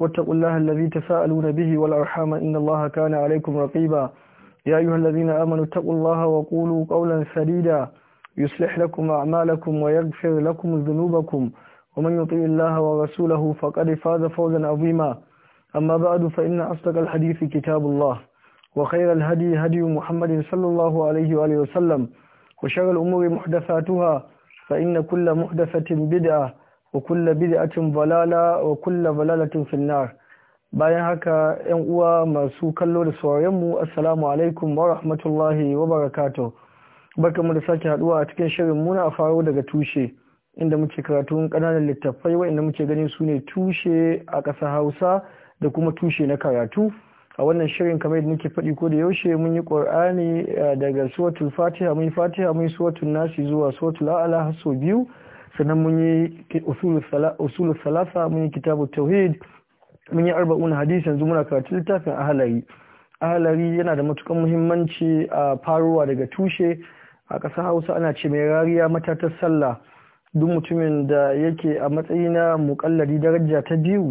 واتقوا الله الذي تساءلون به والأرحام إن الله كان عليكم رقيبا يا أيها الذين آمنوا اتقوا الله وقولوا قولا سديدا يصلح لكم أعمالكم ويغفر لكم ذنوبكم ومن يطيع الله ورسوله فقد فاز فوزا عظيما أما بعد فإن أصدق الحديث كتاب الله وخير الهدي هدي محمد صلى الله عليه وآله وسلم وشر الأمور محدثاتها فإن كل محدثة بدعة وكل بدعة balala wa ضلالة balalatin finnar bayan haka yan uwa masu kallo da sauraron mu assalamu alaikum wa rahmatullahi wa barakatuh barkamu da sake haduwa a cikin shirin muna a faro daga tushe inda muke karatu kananan littattafai wanda muke ganin su ne tushe a ƙasa Hausa da kuma tushe na karatu a wannan shirin kamar yadda muke faɗi ko da yaushe mun yi ƙur'ani eh, daga suratul fatiha mun yi fatiha mun yi suratul nasi zuwa suratul a'la har sau biyu sannan mun yi usulul salasa mun yi kitabu tauhid mun yi arba'un hadisi yanzu muna karatu littafin ahalari ahalari yana da matukan muhimmanci a faruwa daga tushe a ƙasar hausa ana ce mai rariya matatar sallah duk mutumin da yake a matsayi na muƙalladi daraja ta biyu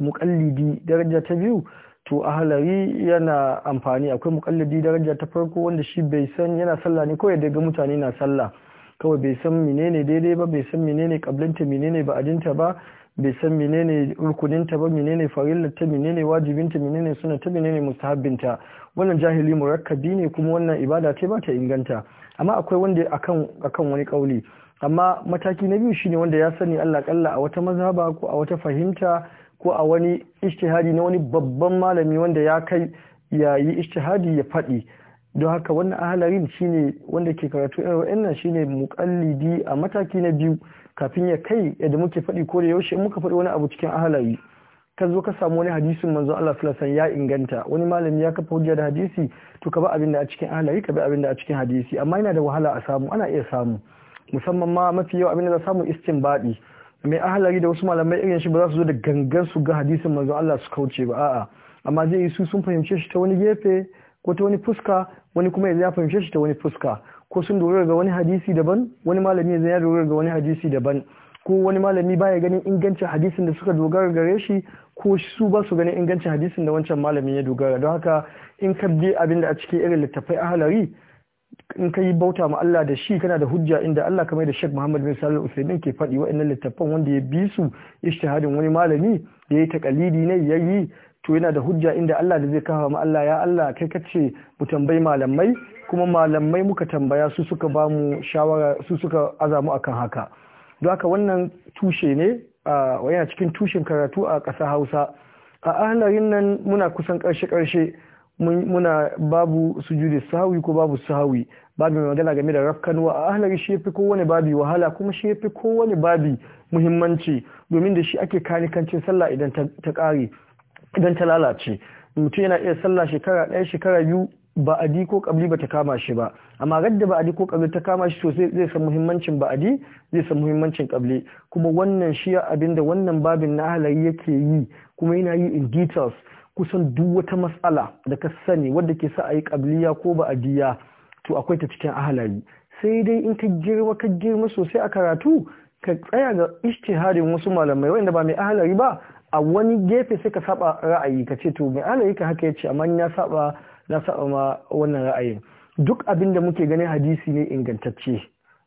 mukallidi daraja ta biyu to ahalari yana amfani akwai mukallidi daraja ta farko wanda shi bai san yana sallah ne kawai daga mutane na sallah kawai bai san menene daidai ba bai san menene kablinta menene ba'adinta ba bai san menene rukuninta ba menene farillarta menene wajibinta menene sunanta menene mustahabbinta wannan jahili murakkabi ne kuma wannan ibada ce ba ta inganta amma akwai wanda akan akan wani kauli amma mataki na biyu shine wanda ya sani Allah kalla a wata mazhaba ko a wata fahimta ko a wani ijtihadi na wani babban malami wanda ya kai yayi ijtihadi ya faɗi don haka wannan ahalarin shine wanda ke karatu irin wa'annan shine muƙallidi a mataki na biyu kafin ya kai yadda muke faɗi ko da yaushe muka faɗi wani abu cikin ahalari ka zo ka samu wani hadisin manzon Allah sallallahu alaihi ya inganta wani malami ya kafa hujja da hadisi to ka ba abin da a cikin ahalari ka bi abin da a cikin hadisi amma yana da wahala a samu ana iya samu musamman ma mafi yawa abin da za samu istinbadi mai ahalari da wasu malamai irin shi ba za su zo da gangan su ga hadisin manzon Allah su kauce ba a'a amma zai yi su sun fahimce shi ta wani gefe ko ta wani fuska wani kuma yanzu ya fahimce shi ta wani fuska ko sun dogara ga wani hadisi daban wani malami yanzu ya dogara ga wani hadisi daban ko wani malami ya ganin ingancin hadisin da suka dogara gare shi ko su ba su ganin ingancin hadisin da wancan malami ya dogara don haka in ka bi abin da a cikin irin littattafai ahalari in ka yi bauta ma Allah da shi kana da hujja inda Allah kamar da Sheikh Muhammad bin Salih Al-Uthaymeen ke faɗi wa'annan littafan wanda ya bi su ishtihadin wani malami da ya takalidi ne yayi to yana da hujja inda Allah da zai kafa ma Allah ya Allah kai kace mu tambayi malamai kuma malamai muka tambaya su suka ba mu shawara su suka azamu akan haka don haka wannan tushe ne yana cikin tushen karatu a ƙasa Hausa a ahlarin nan muna kusan ƙarshe-ƙarshe muna babu sujudi sahawi ko babu sahawi babu mai magana game da rafkanuwa a ahlari shi yafi kowane babi wahala kuma shi yafi kowane babi muhimmanci domin da shi ake kanikancin sallah idan ta ƙare idan ta lalace mutum yana iya sallah shekara ɗaya shekara biyu ba adi ko kabli ba ta kama shi ba amma radda ba adi ko kabli ta kama shi sosai zai san muhimmancin ba adi zai san muhimmancin kabli kuma wannan shi abinda wannan babin na halayi yake yi kuma yana yi in details kusan duk wata matsala da ka sani wadda ke sa a yi kabliya ko ba adiya to akwai ta cikin ahalari sai dai in ka girma ka girma sosai a karatu ka tsaya ga ishtihadin wasu malamai wanda ba mai ahalari ba a wani gefe sai ka saba ra'ayi ka ce to mai yi ka haka ya ce, amma na saba na saba ma wannan ra'ayin duk abin da muke ganin hadisi ne ingantacce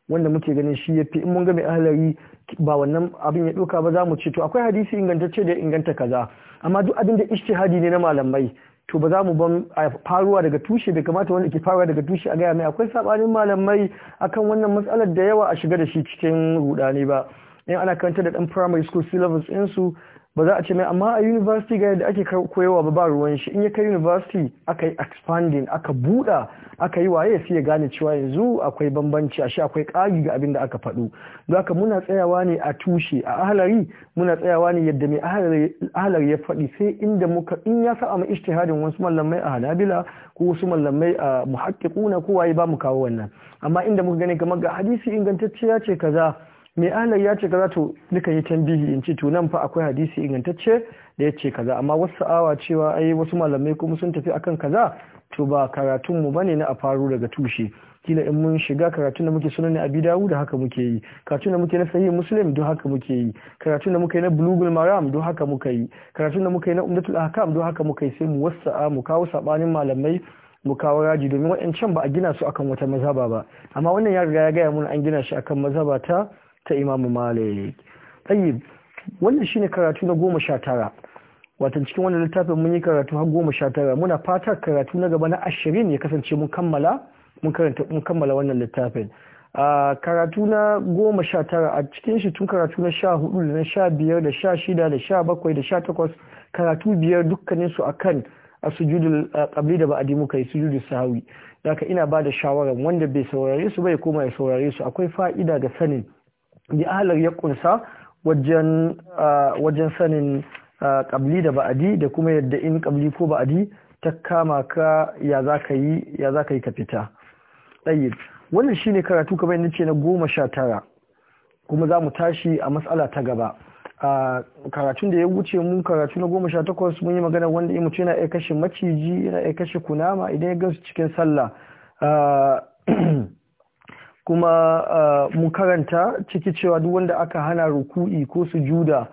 wanda muke ganin shi ya fi, in mun ga mai ahalari ba wannan abin ya doka ba za mu ce to akwai hadisi ingantacce da inganta kaza amma duk abin da hadi ne na malamai to ba za mu ban faruwa daga tushe bai kamata wanda ke faruwa daga tushe a gaya mai akwai sabanin malamai akan wannan matsalar da yawa a shiga da shi cikin rudani ba in ana kanta da dan primary school syllabus ɗinsu ba za a ce mai amma a university ga yadda ake koyawa ba ba ruwan shi in ya kai university aka yi expanding aka buɗa aka yi waye sai ya gane cewa yanzu akwai bambanci a shi akwai ƙagi ga abin da aka faɗo don haka muna tsayawa ne a tushe a ahalari muna tsayawa ne yadda mai ahalari ya faɗi sai inda muka in ya sa mu ijtihadin wasu mallamai a hanabila ko wasu mallamai a muhaqqiquna ko waye ba mu kawo wannan amma inda muka gani kamar ga hadisi ingantacciya ce kaza mai ahalar ya ce kaza to duka yi tambihi in ce tunan fa akwai hadisi ingantacce da ya ce kaza amma wasu awa cewa ai wasu malamai kuma sun tafi akan kaza to ba karatun mu bane na a faru daga tushe kila in mun shiga karatun da muke ne abi dawu da haka muke yi karatun da muke na sahih muslim don haka muke yi karatun da muke na bulugul maram don haka muke yi karatun da muke na umdatul ahkam don haka muke sai mu wasa'a mu kawo sabanin malamai mu kawo raji domin waɗancan ba a gina su akan wata mazhaba ba amma wannan ya riga ya gaya mun an gina shi akan mazhaba ta ta imamu malik tayyib wannan shine karatu na goma sha tara watan cikin wannan littafin mun yi karatu har goma sha tara muna fatar karatu na gaba na ashirin ya kasance mun kammala mun karanta mun kammala wannan littafin a karatu na goma sha tara a cikin shi tun karatu na sha hudu da na sha biyar da sha shida da sha bakwai da sha takwas karatu biyar dukkanin su akan a sujudu kabli da ba'adi muka yi sujudu sahawi daga ina ba da shawarar wanda bai saurare su bai koma ya saurare su akwai fa'ida ga sanin da ahalar ya kunsa wajen sanin kabli da ba'adi da kuma yadda in kabli ko ba'adi ta kama ka ya za ka yi ka fita ɗayyib wannan shine karatu kamar yadda ce na goma sha tara kuma za mu tashi a matsala ta gaba a karatun da ya wuce mun karatu na goma sha takwas mun yi magana wanda mutu yana iya kashe maciji yana iya kashe kunama idan ya gansu cikin sallah kuma ah, mun karanta ciki cewa duk wanda aka hana ruku'i ko sujuda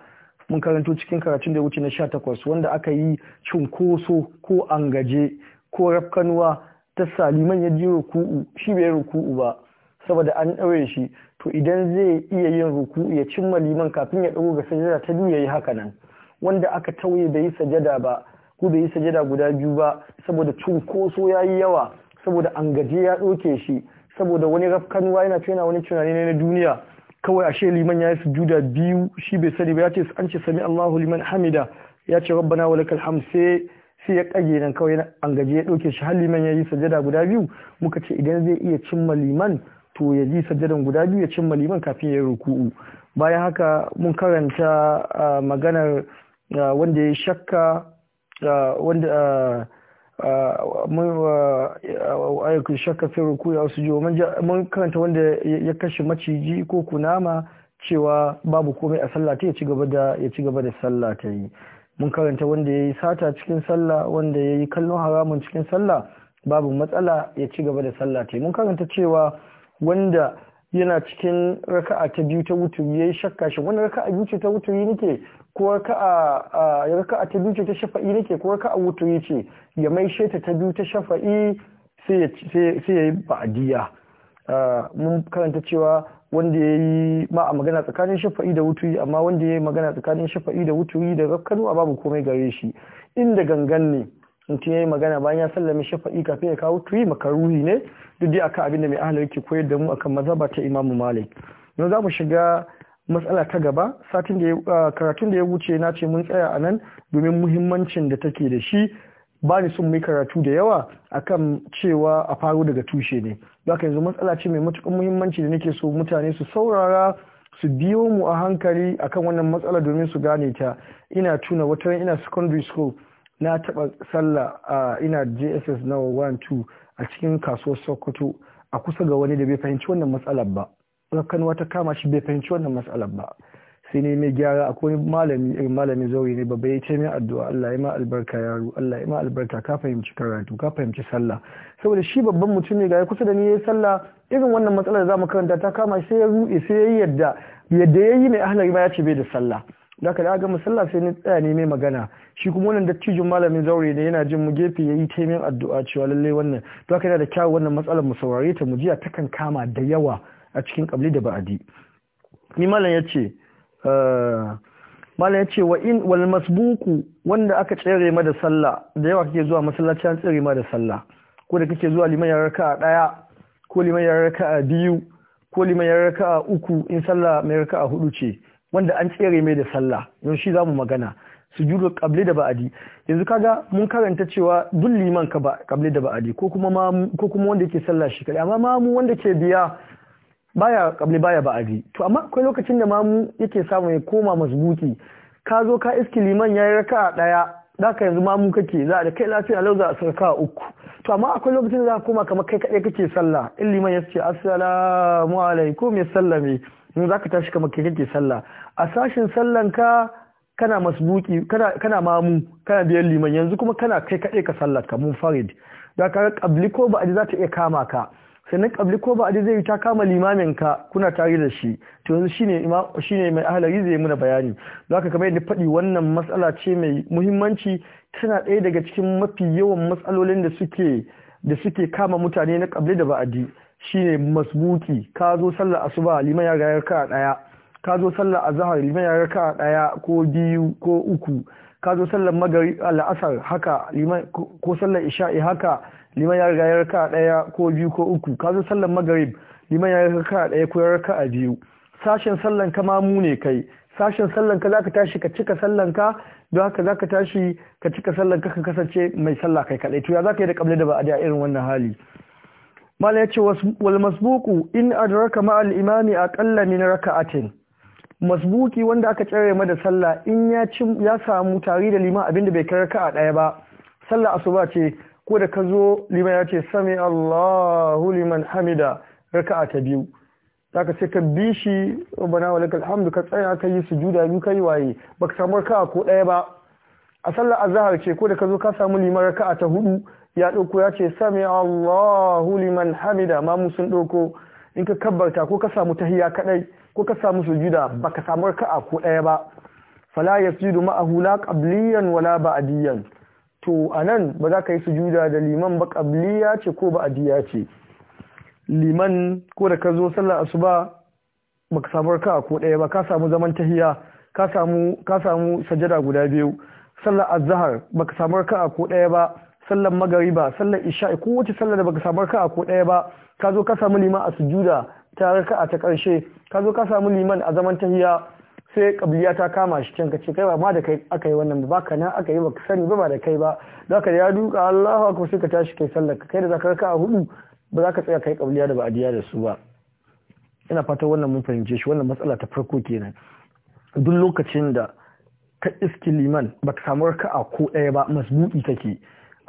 mun karanto cikin karatun da wuce na sha takwas wanda aka yi cunkoso ko angaje ko rafkanuwa ta saliman ya ji ruku'u shi bai ruku'u ba saboda an ɗaure shi to idan zai iya yin ruku'u ya cimma liman kafin ya ɗago ga sajada ta biyu ya yi haka nan wanda aka tauye bai yi sajada ba ko bai yi sajada guda biyu ba saboda cunkoso ya yi yawa saboda angaje ya ɗauke shi saboda wani rafkanuwa yana cewa wani tunani ne na duniya kawai ashe liman ya yi sujuda biyu shi bai sani ba ya ce an ce sami Allahu liman hamida ya ce rabbana wa lakal hamd sai sai ya kage nan kawai an gaje ya doke shi har liman ya yi sajada guda biyu muka ce idan zai iya cimma liman to ya yi sajadan guda biyu ya cimma liman kafin ya yi ruku'u bayan haka mun karanta ah, maganar ah, wanda ya shakka ah, wanda Uh, uh, ayyukan shakka fi ruku ya wasu jiwo mun karanta wanda ya kashe maciji ko kunama cewa babu komai a sallah ta ya ci gaba da ya ci gaba da sallah ta yi mun karanta wanda ya yi sata cikin sallah wanda ya yi kallon haramun cikin sallah babu matsala ya ci gaba da sallah ta yi mun karanta cewa wanda yana cikin raka'a ta biyu ta wuturi yi shakka shi wani raka'a biyu ce ta wuturi nake a raka'a ya a ta biyu ta shafa'i nake a wuto wuturi ce ya mai sheta ta biyu ta shafa'i sai ya yi ba'adiyya mun karanta cewa wanda ya yi ma a magana tsakanin shafa'i da wuturi amma wanda ya yi magana tsakanin shafa'i da wuturi da rakkanu a babu komai gare shi inda gangan ne mutum ya yi magana bayan ya sallame shafa'i kafin ya kawo tuyi makaruri ne duk dai akan abin da mai ahalar ke koyar da mu akan mazaba ta imamu malik yanzu za mu shiga matsala ta gaba satin da uh, karatun da ya wuce na ce mun tsaya a nan domin muhimmancin da take da shi ba ni son mai karatu da yawa akan cewa a faro daga tushe ne haka yanzu matsala ce mai matukan muhimmanci da nake so mutane su saurara su biyo mu a hankali akan wannan matsala domin su gane ta ina tuna wata ina secondary school na taba sallah uh, ina JSS na 1 2 a cikin kasuwar Sokoto a kusa ga wani da bai fahimci wannan matsalar ba kan ta kama shi bai fahimci wannan matsalar ba sai ne mai gyara akwai malami irin malami zauri ne babba ya ce mai addu'a Allah ya ma albarka yaro Allah ya ma albarka ka fahimci karatu ka fahimci sallah saboda shi babban mutum ne ga ya kusa da ni yi sallah irin wannan matsalar zamu karanta ta kama sai ya ruɗe sai ya yi yadda yadda ya yi mai ahlar ya ce bai da sallah da ka ga musalla sai ni tsaya ne mai magana shi kuma wannan dattijin malamin zaure ne yana jin mu gefe yayi taimin addu'a cewa lalle wannan to haka yana da kyawu wannan matsalar mu saurare ta mujiya ta takan kama da yawa a cikin qabli da ba'adi ni malam yace ah, malam ya wa in wal masbuku wanda aka tsere ma da sallah da yawa kake zuwa masallaci an tsere ma da sallah ko da kake zuwa liman a daya ko liman a biyu ko liman a uku in sallah mai a hudu ce wanda an tsere mai da sallah yau shi za mu magana su juro qabli da ba'adi yanzu kaga mun karanta cewa duk liman ka ba qabli da ba'adi ko kuma ko kuma wanda yake sallah shi kai amma ma mu wanda ke biya baya kabli baya ba'adi to amma akwai lokacin da mamu yake samu ya koma mazbuki ka zo ka iski liman yayi ɗaya, daya ka yanzu mamu kake za da kai lafiya lau za a sarka uku to amma akwai lokacin da za ka koma kamar kai kaɗai kake sallah in liman ya ce assalamu alaikum ya sallame in za ka tashi kamar kai kake sallah a sashin sallan ka kana masbuki kana mamu kana biyan liman yanzu kuma kana kai kaɗai ka sallar ka mun farid da ka kabli ko ba za ta iya kama ka sannan kabli ko ba zai yi ta kama limamin ka kuna tare da shi to yanzu shine shine mai ahlari zai muna bayani zaka kamar yadda faɗi wannan matsala ce mai muhimmanci tana ɗaya daga cikin mafi yawan matsalolin da suke da suke kama mutane na kabli da ba'adi shine masbuki ka zo sallar asuba liman ya ga ka daya ka zo sallar azhar liman ya ga ka daya ko biyu ko uku ka zo sallar magari al'asar haka liman ko sallar isha'i haka liman ya riga ya raka ɗaya ko biyu ko uku kazo sallan magarib liman ya raka ɗaya ko ya raka biyu sashen sallan ka mu ne kai sashen sallan ka zaka tashi ka cika sallan ka don haka zaka tashi ka cika sallan ka ka kasance mai sallah kai kadai to ya zaka yi da kabli da ba a da irin wannan hali mala ce wal masbuku in adraka ma al imami aqalla min raka'atin masbuki wanda aka tsare mada sallah in ya ya samu tare da liman abinda bai kai a daya ba sallah asuba ce ko da ka zo liman ya ce sami Allahu liman hamida raka'a ta biyu ka sai ka bi shi rubana wa lakal ka tsaya ka yi sujuda biyu yi waye baka samu raka'a ko ɗaya ba a sallar azhar ce ko da ka zo ka samu liman raka'a ta hudu ya ɗauko ya ce sami Allahu liman hamida ma mu ɗauko in ka kabbarta ko ka samu tahiya kaɗai? ko ka samu sujuda baka samu raka'a ko ɗaya ba fala yasjudu ma'ahu hula qabliyan wala ba'diyan to a nan ba za ka yi sujuda da liman ba ƙabliya ce ko ba adiya ce liman ko da ka zo sallar asuba ba ka samu raka ko ɗaya ba ka samu zaman tahiya ka samu sajada guda biyu sallar azhar ba ka samu raka ko ɗaya ba sallar magariba sallar isha ko wace sallar da ba ka samu raka ko ɗaya ba ka zo ka samu liman a sujuda ta raka ta ƙarshe ka zo ka samu liman a zaman tahiya sai kabiliya ta kama shi can kace kai ba ma da kai aka yi wannan ba ka nan aka yi baka sani ba ba da kai ba da ka ya duka Allahu akbar sai ka tashi kai sallar ka kai da zaka ka hudu ba za ka tsaya kai kabiliya da ba'diya da su ba ina fata wannan mun fahimce shi wannan matsala ta farko kenan duk lokacin da ka iski liman ka samu raka'a ko ɗaya ba masbuɗi take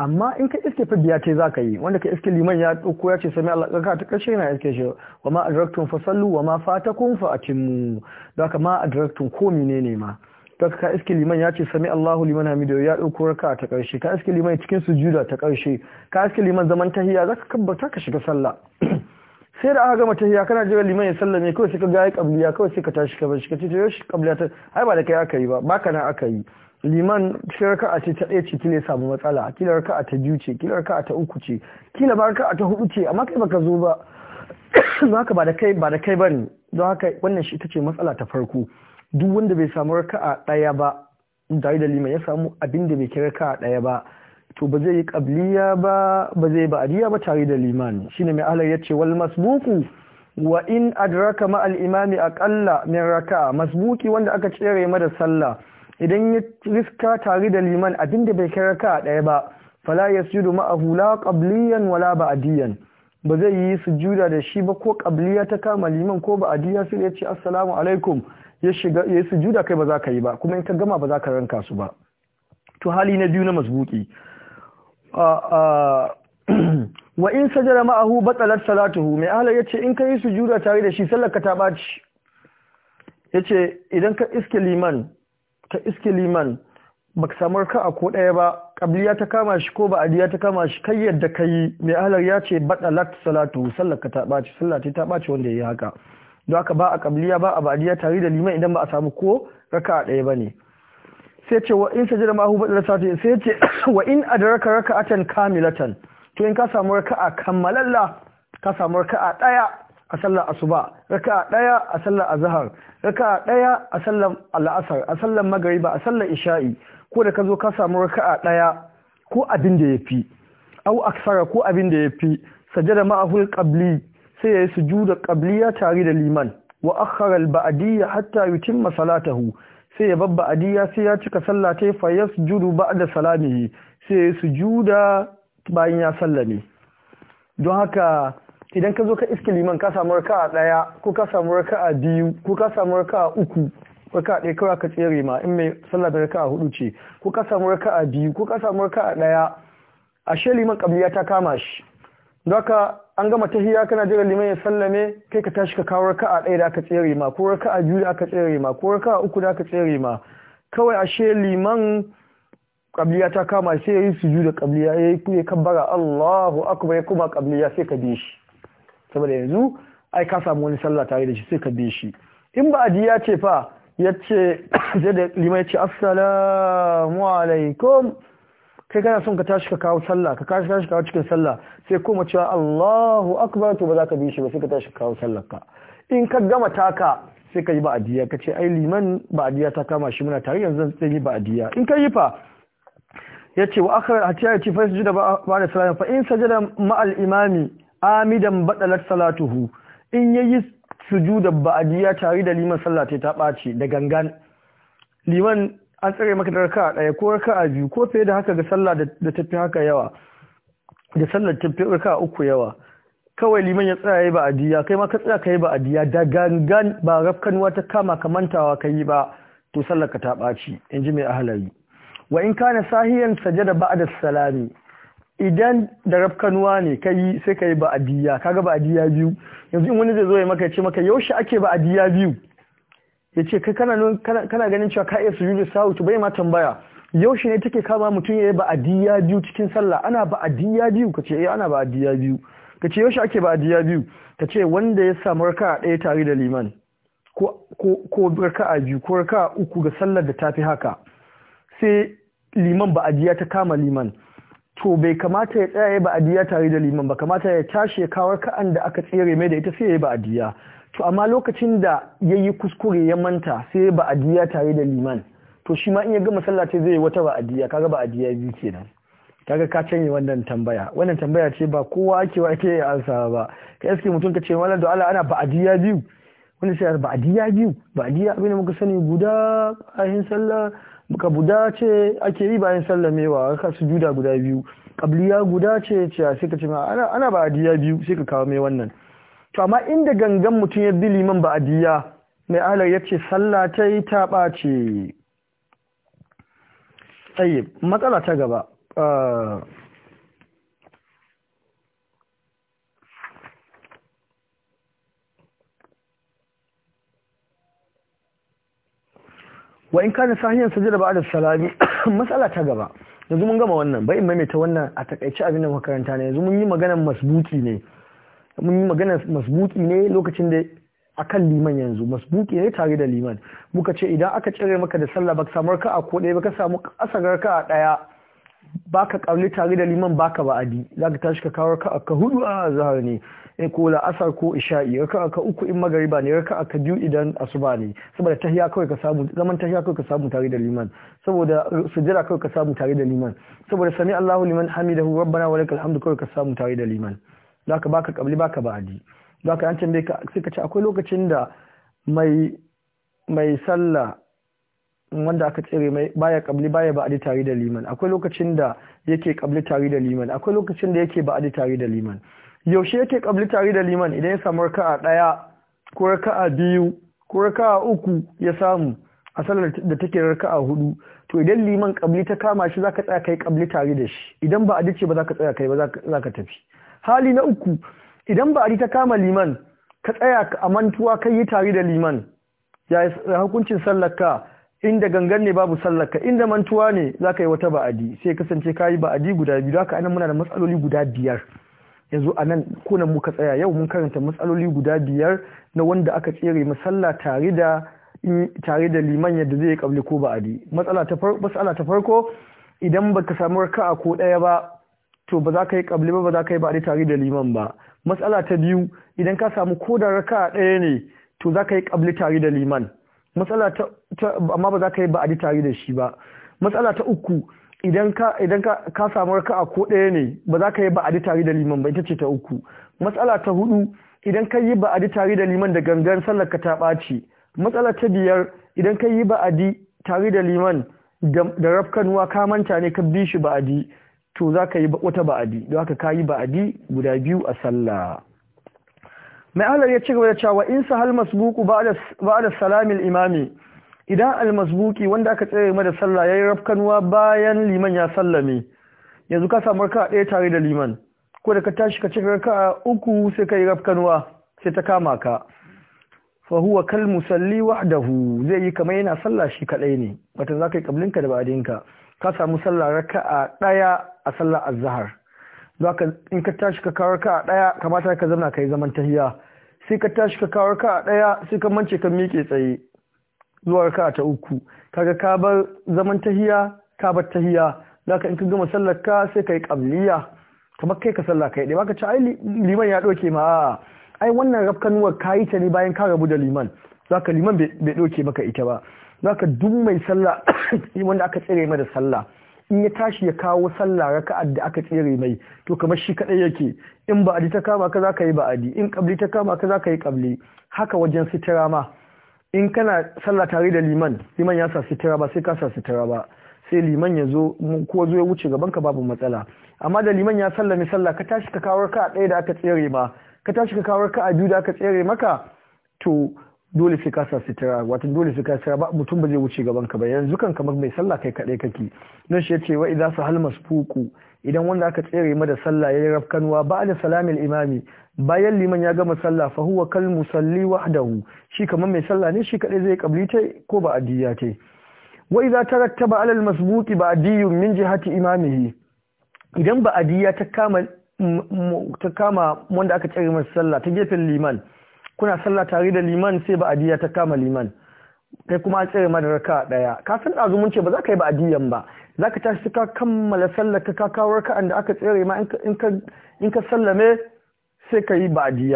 amma in ka iske biya ce za ka yi wanda ka iske liman ya ɗauko ya ce sami alaƙaƙa ka ta ƙarshe na iske shi wa ma adraktum fa sallu wa ma kun fa atimmu da ka ma adraktum ko menene ma to ka iske liman ya ce sami Allahu liman hamidu ya ɗauko raka ta ƙarshe ka iske liman cikin sujuda ta ƙarshe ka iske liman zaman tahiyya zaka kabbata ka shiga sallah sai da aka gama tahiyya kana jira liman ya sallame kawai sai ka ga ya kawai sai ka tashi ka bar shi ka ce to yau shi kabliya ta ai ba da kai aka yi ba baka na aka yi liman shi raka'a ce ta ɗaya ce kila ya samu matsala kila ka'a ta biyu ce kila a ta uku ce kila ba a ta hudu ce amma kai baka zo ba don haka ba da kai ba da kai ba ne don haka wannan shi ita ce matsala ta farko duk wanda bai samu raka'a ɗaya ba tare da liman ya samu abin da bai kira a ɗaya ba to ba zai yi qabliya ba ba zai ba'diya ba tare da liman shine mai ya ce wal masbuku wa in adraka ma al imami aqalla min raka'a masbuki wanda aka tsere mada sallah idan ya riska tare da liman da bai kai a ɗaya ba fala yasjudu ma'ahu la qabliyan wala ba'diyan ba zai yi sujuda da shi ba ko qabliya ta kama liman ko ba'diya sai ya ce assalamu alaikum ya shiga ya sujuda kai ba za ka yi ba kuma in ka gama ba za ka ranka su ba to hali na biyu na masbuki wa in sajara ma'ahu batalat salatuhu mai ahla yace in kai sujuda tare da shi sallarka ta baci yace idan ka iske liman ka iske liman baka ka raka'a ko ɗaya ba qabliya ta kama shi ko ba'diya ta kama shi kai yadda ka yi. mai ahlar ya ce badalat salatu ka ta ɓaci sallar ta ɓaci wanda ya yi haka don haka ba a qabliya ba a ba'diya tare da liman idan ba a samu ko raka a ɗaya ba ne. sai ce wa in sajada ma hu badalat salatu sai ce wa in adraka raka'atan kamilatan to in ka samu a kammalalla ka samu a ɗaya a sallar asuba raka daya a sallar azhar raka daya a sallar al'asar a sallar magariba a sallar isha'i ko da ka zo ka samu raka'a daya ko abin da yafi au aksara ko abin da yafi sajada ma'ahul qabli sai yayi sujuda qabliya tare da liman wa akhara al-ba'diyya hatta yutimma salatahu sai ya babba adiya sai ya cika sallah ta fa yasjudu ba'da salamihi sai ya sujuda bayan ya sallame don haka idan ka zo ka iske liman ka samu a ɗaya ko ka samu a biyu ko ka samu a uku a ɗaya kawai ka tsere ma in mai sallah da a hudu ce ko ka samu a biyu ko ka samu ɗaya a ashe liman kabliya ta kama shi doka an gama tahiyya kana jira liman ya sallame kai ka tashi ka kawo a ɗaya da aka tsere ma ko raka a biyu da aka tsere ma ko raka a uku da aka tsere ma kawai ashe liman kabliya ta kama sai yayi sujud da yi yayi kuye kabbara Allahu akbar ya kuma kabliya sai ka bi shi saboda yanzu ai ka samu wani sallah tare da shi sai ka bi shi in ba ya ce fa ya ce zai da lima ya ce assalamu alaikum kai kana son ka tashi ka kawo sallah ka kashi tashi kawo cikin sallah sai kuma cewa Allahu akbar to ba za ka bi shi ba sai ka tashi ka kawo sallah ka in ka gama taka sai ka yi ba'adiyya ka ce ai liman ba'adiyya ta kama shi muna tare yanzu zan yi ba'adiyya in ka yi fa ya ce wa akhara hatiya ya ce fa sujuda ba da salama fa in sajada ma'al imami amidan badalat salatuhu in yayi sujuda ba'adiya tare da liman sallata ta ɓaci da gangan liman an tsare maka raka'a ɗaya ko a biyu ko fiye da haka ga sallah da tafi haka yawa da sallar tafi raka uku yawa kawai liman ya tsaya yi ba'diya kai ma ka tsaya kai ba'diya da gangan ba rafkanwa ta kama ka mantawa kai ba to sallar ka ta ɓaci in ji mai ahalari wa in kana sahiyan sajada ba'da salami idan da rafkanuwa ne ka yi sai ka yi ba'adiyya kaga ba'adiyya biyu yanzu in wani zai zo ya maka ce maka yaushe ake ba'adiyya biyu ya ce kai kana ganin cewa ka iya sujudu sahu bai ma tambaya yaushe ne take kama mutum ya yi ba'adiyya biyu cikin sallah ana ba'adiyya biyu ka ce eh ana ba'adiyya biyu ka ce yaushe ake ba'adiyya biyu ka ce wanda ya samu raka ɗaya tare da liman ko ko raka'a biyu ko raka uku ga sallar da tafi haka sai liman ba'adiyya ta kama liman to bai kamata ya tsaya adiya tare da liman ba kamata ya tashi ya kawar ka'an da aka tsere mai da ita sai ya adiya to amma lokacin da ya yi kuskure ya manta sai ya adiya tare da liman to shi ma in ya gama sallah zai yi wata adiya kaga adiya biyu kenan kaga ka canye wannan tambaya wannan tambaya ce ba kowa ake wa ake ansa ba ka iske mutum ka ce wala da Allah ana adiya biyu wani sai adiya biyu adiya abin da muka sani guda ahin sallah ka buda ce ake yi bayan sallamewa ka sujuda guda biyu ƙabliya guda ce ce sai ka ce ana ana ba adiya biyu sai ka kawo mai wannan to amma inda gangan mutum ya bi liman ba adiya mai alar ya ce sallah ta yi ta ɓace tsaye matsala ta gaba ah, wa in kana sahiyan sujada ba da salami matsala ta gaba yanzu mun gama wannan bai ta wannan a takaice abin da makaranta ne yanzu mun yi maganar masbuki ne mun yi maganar masbuki ne lokacin da akan liman yanzu masbuki ne tare da liman muka ce idan aka cire maka da sallah baka samu a ko ɗaya baka samu asagar a ɗaya baka kauli tare da liman baka ba'adi zaka tashi ka kawo ka hudu a zahar ne ko la'asar ko isha'i raka aka uku in magariba ne raka aka biyu idan asuba ne saboda tahiya kawai ka samu zaman tahiya kawai ka samu tare da liman saboda sujjada kawai ka samu tare da liman saboda sami Allahu liman hamidahu rabbana wa lakal hamdu kawai ka samu tare da liman zaka baka kabli baka ba'adi zaka an tambaye ka sai ka ce akwai lokacin da mai mai sallah wanda aka tsere mai baya kabli baya ba'adi tare da liman akwai lokacin da yake kabli tare da liman akwai lokacin da yake ba'adi tare da liman yaushe yake kabli tare da liman idan ya samu raka'a ɗaya ko raka'a biyu ko raka'a uku ya samu a sanar da take raka'a hudu to idan liman kabli ta kama shi zaka tsaya kai kabli tare da shi idan ba a dace ba zaka tsaya kai ba zaka tafi hali na uku idan ba a ta kama liman ka tsaya a mantuwa kai yi tare da liman ya hukuncin sallaka. inda gangan ne babu sallaka. inda mantuwa ne zaka yi wata ba'adi sai kasance kayi ba'adi guda biyu haka anan muna da matsaloli guda biyar yanzu a nan kunan muka tsaya yau mun karanta matsaloli guda biyar na wanda aka tsere masalla tare da tare da liman yadda zai kabli ko ba'adi matsala ta farko matsala ta farko idan baka samu raka'a ko daya ba to ba za ka yi kabli ba ba za ka yi ba'adi tare da liman ba matsala ta biyu idan ka samu ko da raka'a daya ne to za ka yi kabli tare da liman matsala ta amma ba za ka yi ba'adi tare da shi ba matsala ta uku idan ka idan ka ka samu a ko ɗaya ne ba za ka yi ba'adi tare da liman ba ita ce ta uku matsala ta hudu idan ka yi ba'adi tare da liman da gangan sallar ka ta ɓaci matsala ta biyar idan ka yi ba'adi tare da liman da rafkanuwa ka manta ne ka bi shi ba'adi to za ka yi wata ba'adi don haka ka yi ba'adi guda biyu a sallah mai ya ci gaba da cewa in sahal masbuku ba'da salamin imami idan almasbuki wanda aka tsere mada sallah ya yi rafkanuwa bayan liman ya sallame yanzu ka samu raka ɗaya tare da liman ko da ka tashi ka cika raka'a uku sai ka yi rafkanuwa sai ta kama ka fa huwa kal musalli wahdahu zai yi kamar yana sallah shi kadai ne wata za ka yi kablinka da ba'dinka ka samu sallah a ɗaya a sallah azhar zaka in ka tashi ka kawo a ɗaya kamata ka zauna yi zaman tahiya sai ka tashi ka kawo raka ɗaya sai ka mance ka miƙe tsaye zuwa raka'a ta uku kaga ka bar zaman tahiya ka bar tahiya zaka in ka gama sallar ka sai kai qabliya kamar kai ka sallah kai dai baka ci ai liman ya doke ma ai wannan rafkanuwar kayi ta ne bayan ka rabu da liman zaka liman bai doke maka ita ba zaka duk mai sallah wanda aka tsere mai da sallah in ya tashi ya kawo sallah raka'ar da aka tsere mai to kamar shi kadai yake in ba'adi ta kama ka zaka yi ba'adi in qabli ta kama ka zaka yi qabli haka wajen sitira ma in kana sallah tare da liman liman ya sa sitira ba sai ka sa sitira ba sai liman ya zo ko zo ya wuce gaban ka babu matsala amma da liman ya sallami sallah ka tashi ka kawar ka a ɗaya da aka tsere ma ka tashi ka kawar ka a biyu da aka tsere maka to dole sai ka sa sitira wato dole sai ka sa ba mutum ba zai wuce gaban ka ba yanzu kan kamar mai sallah kai kaɗai kake nan shi yace wa idza sahal masfuku idan wanda aka tsere ma da sallah yayi rafkanwa ba da salamil imami bayan liman ya gama sallah fa huwa kal musalli wahdahu shi kamar mai sallah ne shi kadai zai kabli ta ko ba adiyya ta wa idza tarattaba ala al masbuqi ba addiyun min jihati imamihi idan ba adiyya ta kama mm, mm, ta kama wanda aka tsare masa sallah ta gefen liman kuna sallah tare da liman sai ba adiyya ta kama liman kai kuma an tsere mana raka daya ka san dazu mun ce ba za ka yi ba adiyan ba za ka tashi ka kammala sallar ka kawo raka'an da aka tsere ma in ka sallame sai ka yi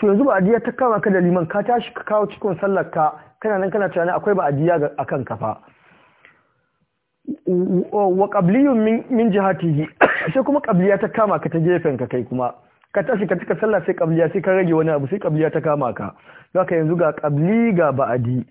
to yanzu ba'adiyya ta kama ka da liman ka tashi ka kawo cikin sallar ka kana nan kana tunani akwai ba'adiyya a kan ka fa wa qabliyun min jihatihi sai kuma qabliya ta kama ka ta gefen ka kai kuma ka tashi ka cika sallah sai qabliya sai ka rage wani abu sai qabliya ta kama ka haka yanzu ga qabli ga ba'adi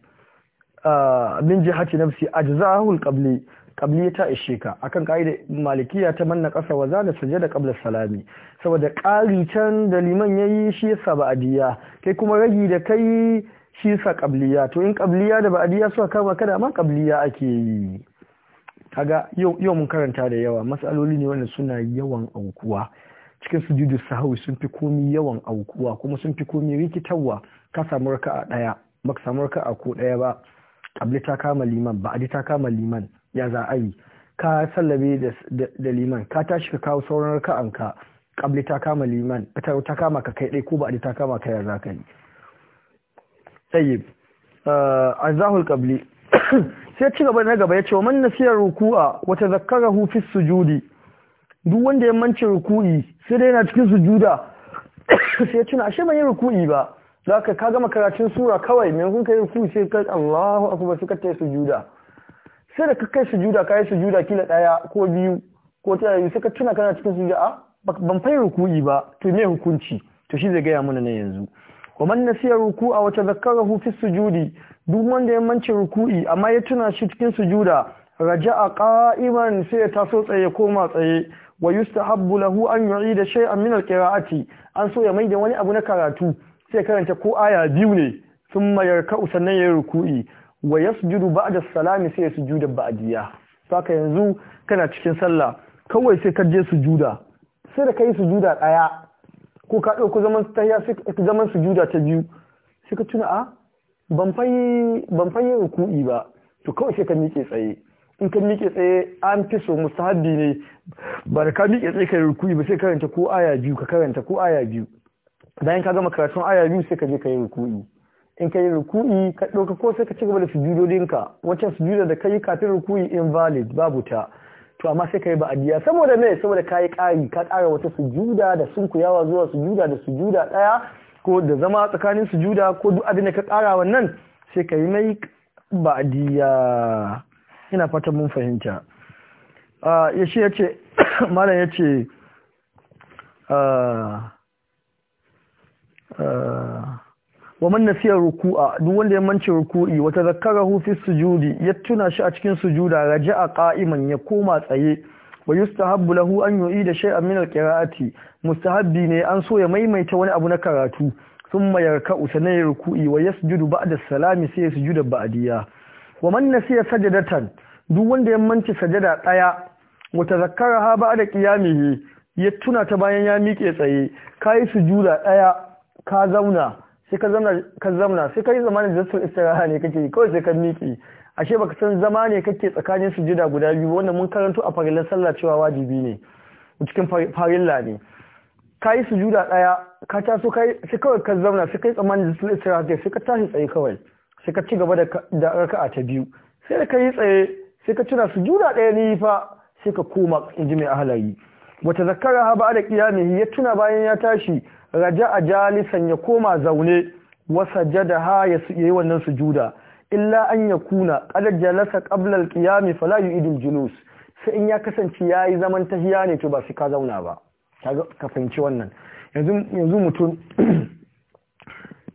ah, min jihati nafsi ajzahul qabli qabli ta ishe ka akan kaida malikiya ta manna kasa wa zala sujada qabla salami saboda ƙari can da liman ya yi shi yasa ba'adiyya kai kuma ragi da kai shi sa ƙabliya to in ƙabliya da ba'adiyya suka kama kada ma ƙabliya ake yi kaga yau mun karanta da yawa matsaloli ne wanda suna yawan aukuwa cikin sujudu sahawi sun fi komi yawan aukuwa kuma sun fi komi rikitarwa ka samu a ɗaya baka samu a ko ɗaya ba ƙabli ta kama liman ba'adi ta kama liman ya za a yi ka sallabe da liman ka tashi ka kawo sauran raka'anka kabli ta kama liman ta kama ka kai dai ko ba ta kama ka ya zaka yi tayyib eh, azahul qabli sai ci gaba na gaba yace man nasiyar ruku'a wa tadhakkarahu fi sujudi duk wanda ya manci ruku'i sai dai yana cikin sujuda sai ya tuna ashe ban yi ruku'i ba zaka ka gama karatun sura kawai me kun kai ruku'i sai ka Allahu akbar suka ta sujuda sai da ka kai sujuda kai sujuda kila daya ko biyu ko ta yi suka tuna kana cikin sujuda ah, ban fai ruku'i ba to me hukunci to shi zai gaya mana na yanzu wa man nasiya ruku'a wa tadhakkarahu fi sujudi duk wanda ya manci ruku'i amma ya tuna shi cikin sujuda raja'a qa'iman sai ya taso tsaye koma tsaye wa yustahabbu lahu an yu'ida shay'an min alqira'ati an so ya maida wani abu na karatu sai karanta ko aya biyu ne thumma yarka'u sannan ya ruku'i wa yasjudu ba'da salami sai ya sujuda ba'diya saka yanzu kana cikin sallah kawai sai ka je sujuda sai da ka su sujuda ɗaya ko ka ɗauku zaman su juda sujuda ta biyu sai ka tuna a ah, ban fayi rukuɗi ruku'i ba to kawai sai ka miƙe tsaye in ka miƙe tsaye an fi so musahabi ne ba da ka miƙe tsaye ka yi rukuɗi ba sai karanta ko aya biyu ka karanta ko aya biyu bayan ka gama karatun aya biyu sai ka je ka yi rukuɗi in ka yi rukuɗi ka ɗauka ko sai ka ci gaba da sujudodinka wancan sujuda da ka yi kafin ruku'i invalid babu ta to amma sai ka yi ba'adiyya saboda me saboda ka yi ƙari ka ƙara wata sujuda da sunkuyawa zuwa sujuda da sujuda ɗaya ko da zama tsakanin sujuda ko duk abin da ka ƙara wannan sai ka yi mai ba'adiyya ina fatan mun fahimta ya shi ya ce malam ya ce wa man nasiya ruku'a duk wanda ya mance ruku'i wa tadhakkarahu fi sujudi ya tuna shi a cikin sujuda raja'a qa'iman ya koma tsaye wa yustahabbu lahu an yu'ida shay'an min al mustahabbi ne an so ya maimaita wani abu na karatu thumma yarka'u sanay ruku'i wa yasjudu ba'da salami sai sujuda ba'diya wa man nasiya sajadatan duk wanda ya mance sajada daya wa tadhakkaraha ba'da qiyamihi ya tuna ta bayan ya miƙe tsaye kai sujuda daya ka zauna sai ka zamna ka zamna sai kai zamanin jasul istiraha ne kake kawai sai ka miki ashe baka san zama ne kake tsakanin sujuda guda biyu wannan mun karanto a farillar sallah cewa wajibi ne cikin farilla ne kai sujuda daya ka so kai sai kawai ka zamna sai kai zamanin jasul istiraha sai ka tashi tsaye kawai sai ka ci gaba da raka'a ta biyu sai da yi tsaye sai ka tuna sujuda daya ne fa sai ka koma inji mai ahalari wata zakara ha ba da kiyami ya tuna bayan ya tashi raja a jalisan ya koma zaune wasa jada ha ya yi wannan sujuda illa an ya kuna ƙadar jalasa ƙablar ƙiyami falayu idin julus sai in ya kasance yayi zaman tahiya ne to ba su ka zauna ba ka fahimci wannan yanzu mutum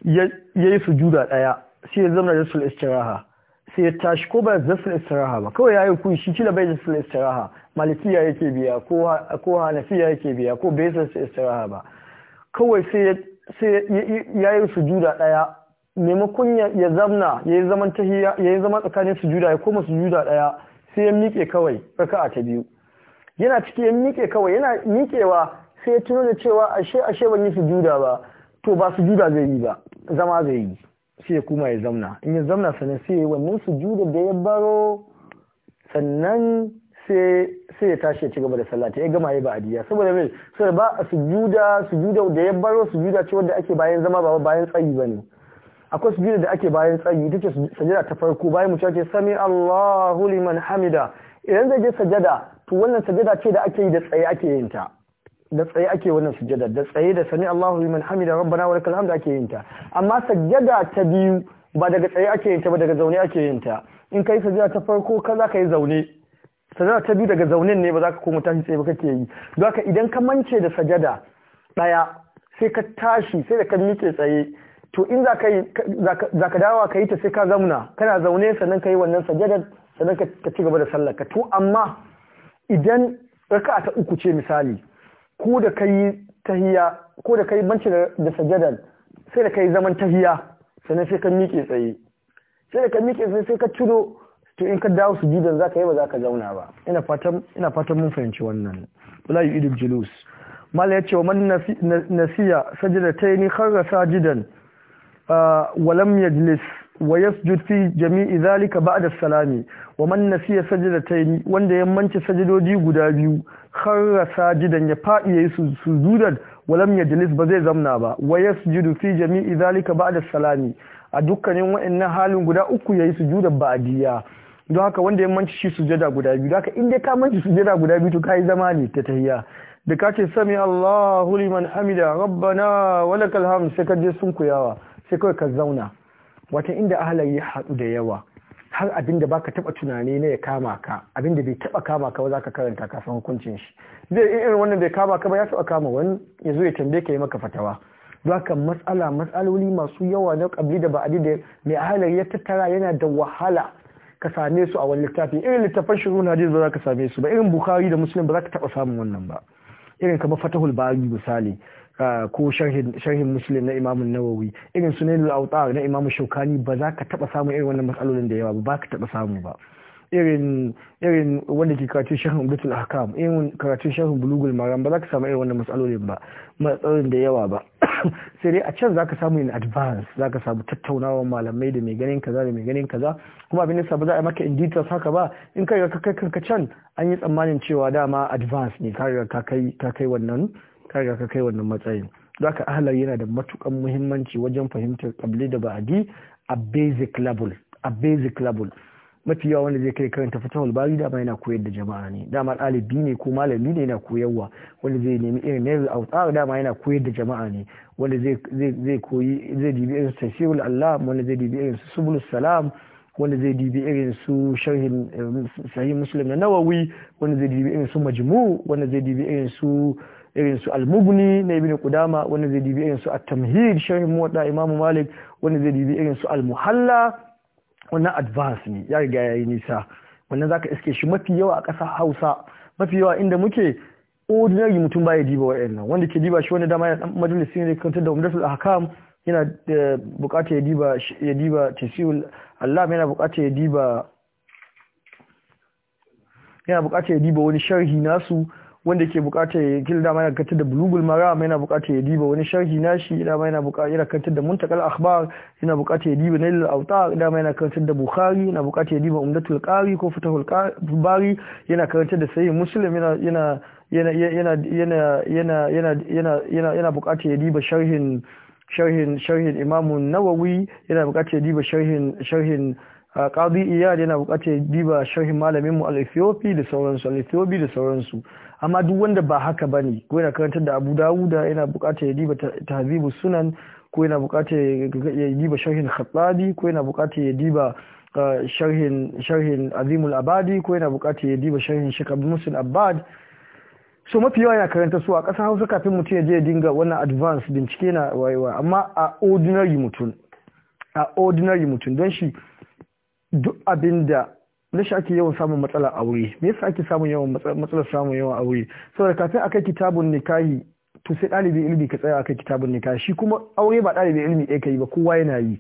ya yi sujuda ɗaya sai ya zama rasul istiraha sai ya tashi ko ba rasul istiraha ba kawai ya yi kun shi kila bai rasul istiraha malikiya yake biya ko hanafiya yake biya ko bai rasul istiraha ba kawai sai ya yi sujuda ɗaya maimakon ya zamna ya yi zaman tahiya ya yi zaman tsakanin sujuda ya koma sujuda ɗaya sai ya miƙe kawai raka'a ta biyu yana ciki ya miƙe kawai yana miƙewa sai ya tuno da cewa ashe ashe ban yi sujuda ba to ba sujuda zai yi ba zama zai yi sai ya kuma ya zamna in ya zamna sannan sai ya yi wannan sujuda da ya baro sannan sai ya tashi ya ci gaba da sallata ya gama ya ba adiya saboda mai saboda ba a sujuda sujuda da ya baro sujuda ce wanda ake bayan zama ba bayan tsayi bane akwai sujuda da ake bayan tsayi ita ce sajada ta farko bayan mutum ce sami Allahu liman hamida idan zai je sajada to wannan sajada ce da ake yi da tsaye ake yin ta da tsaye ake wannan sujuda da tsaye da sami Allahu liman hamida rabbana wa lakal hamdu ake yin ta amma sajada ta biyu ba daga tsaye ake yin ta ba daga zaune ake yin ta in kai sajada ta farko ka yi zaune sajada ta biyu daga zaunin ne ba za ka koma tashi tsaye ba kake yi don ka idan ka mance da sajada ɗaya sai ka tashi sai da ka miƙe tsaye to in za ka dawa ka yi ta sai ka zauna kana zaune sannan ka yi wannan sajada sannan ka ci gaba da sallar ka to amma idan raka ta uku ce misali ko da ka yi tahiya ko da ka yi mance da sajadar sai da ka yi zaman tahiya sannan sai ka miƙe tsaye sai da ka miƙe tsaye sai ka ciro to in ka dawo sujudan ka yi ba za ka zauna ba ina fatan mun fahimci wannan yi idin julus mala yace wa man nasiya ni kharra sajidan uh, walam lam yajlis wa yasjud fi jami'i zalika ba'da salami wa man nasiya ni wanda ya manci sajidodi guda biyu kharra sajidan ya fadi yayi sujudan walam lam yajlis ba zai zamna ba wa yasjudu fi jami'i zalika ba'da salami a dukkanin wa'annan halin guda uku yayi sujudan ba'diyya don haka wanda ya manci shi sujada guda biyu haka in dai ka manci sujada guda biyu to kai zama ne ta tahiyya da ka ce sami Allahu liman hamida rabbana walakal hamd sai ka je sun kuyawa sai kawai ka zauna wato inda ahalari ya hadu da yawa har abinda baka taba tunani ne ya kama ka abinda bai taba kama ka ba zaka karanta kafin hukuncin shi zai irin wannan bai kama ka ba ya taba kama wani ya zo ya tambaye ka yi maka fatawa haka matsala matsaloli masu yawa na kabli da ba'adi da mai ahalari ya tattara yana da wahala ka same su a wani littafi irin littafan shiru na hadis za ka same su ba irin bukhari da muslim ba za ka taba samun wannan ba irin kamar fatahul bari misali ko sharhin musulun na imamun nawawi irin sunailul auta na imamun shaukani ba za ka taba samun irin wannan matsalolin da yawa ba ba ka taba samu ba irin irin wanda ke karatun shahun bitul hakam irin karatun shahun bulugul maram ba za ka samu irin wannan matsalolin ba matsalolin da yawa ba sai dai a can za ka samu in advance za ka samu tattaunawa malamai da mai ganin kaza da mai ganin kaza kuma abin da ba za a yi maka in details haka ba in ka riga ka kai kanka can an yi tsammanin cewa dama advance ne ka riga ka kai ka kai wannan ka ka kai wannan matsayin za ka ahalar yana da matukan muhimmanci wajen fahimtar kabli da ba'adi a basic level a basic level mafi yawa wanda zai kai karanta fatahul bari dama yana koyar da jama'a ne dama ɗalibi ne ko malami ne yana koyarwa wanda zai nemi irin na autar dama yana koyar da jama'a ne wanda zai koyi zai dibi irin su allah wanda zai dibi irin su subulus salam wanda zai dibi irin su sharhin eh, sahih muslim na nawawi wanda zai dibi irin su majmu wanda zai dibi irin su irin su almugni na ibn qudama wanda zai dibi irin su at-tamhid sharhin muwatta imam malik wanda zai dibi irin su al-muhalla wannan advance ne ya riga ya yi nisa wannan zaka iske shi mafi yawa a ƙasar hausa mafi yawa inda muke ordinary mutum baya diba wa'annan wanda ke diba shi wani dama ya dan majalisi ne kan da umdatul ahkam yana eh, bukata ya diba ya diba Allah yana bukata ya diba yana bukata ya diba wani sharhi nasu wanda ke bukata ya kila dama yana kantar da bulugul mara amma yana bukata ya diba wani sharhi nashi dama yana bukatar yana kantar da muntakal akhbar yana bukata ya diba nailul autar dama yana kantar da bukhari yana bukata ya diba umdatul qari ko fatahul bari yana kantar da sahih muslim yana yana yana yana yana yana yana yana yana bukata ya diba sharhin sharhin sharhin imamu nawawi yana bukata ya diba sharhin sharhin ah, qadi iyad yana bukata ya diba sharhin malamin mu al-ethiopi da sauransu al-ethiopi da sauransu amma duk wanda ba haka ba ne ko yana karantar da abu dawuda yana bukatar ya diba habibu sunan ko yana bukatar ya diba sharhin khattabi ko yana bukatar ya diba uh, sharhin azimul abadi ko yana bukatar ya diba sharhin shek musul abad so mafi yawa yana karanta su a ƙasar hausa kafin mutum ya je ya dinga wannan advance bincike na wayewa amma a ordinary mutum don shi duk abin da shi ake yawan samun a aure me yasa ake samun yawan matsalar samun yawan aure saboda kafin akai kitabun nikahi to sai ɗalibin ilimi ka tsaya akai kitabun nikahi shi kuma aure ba ɗalibin ilimi ɗaya yi ba kowa yana yi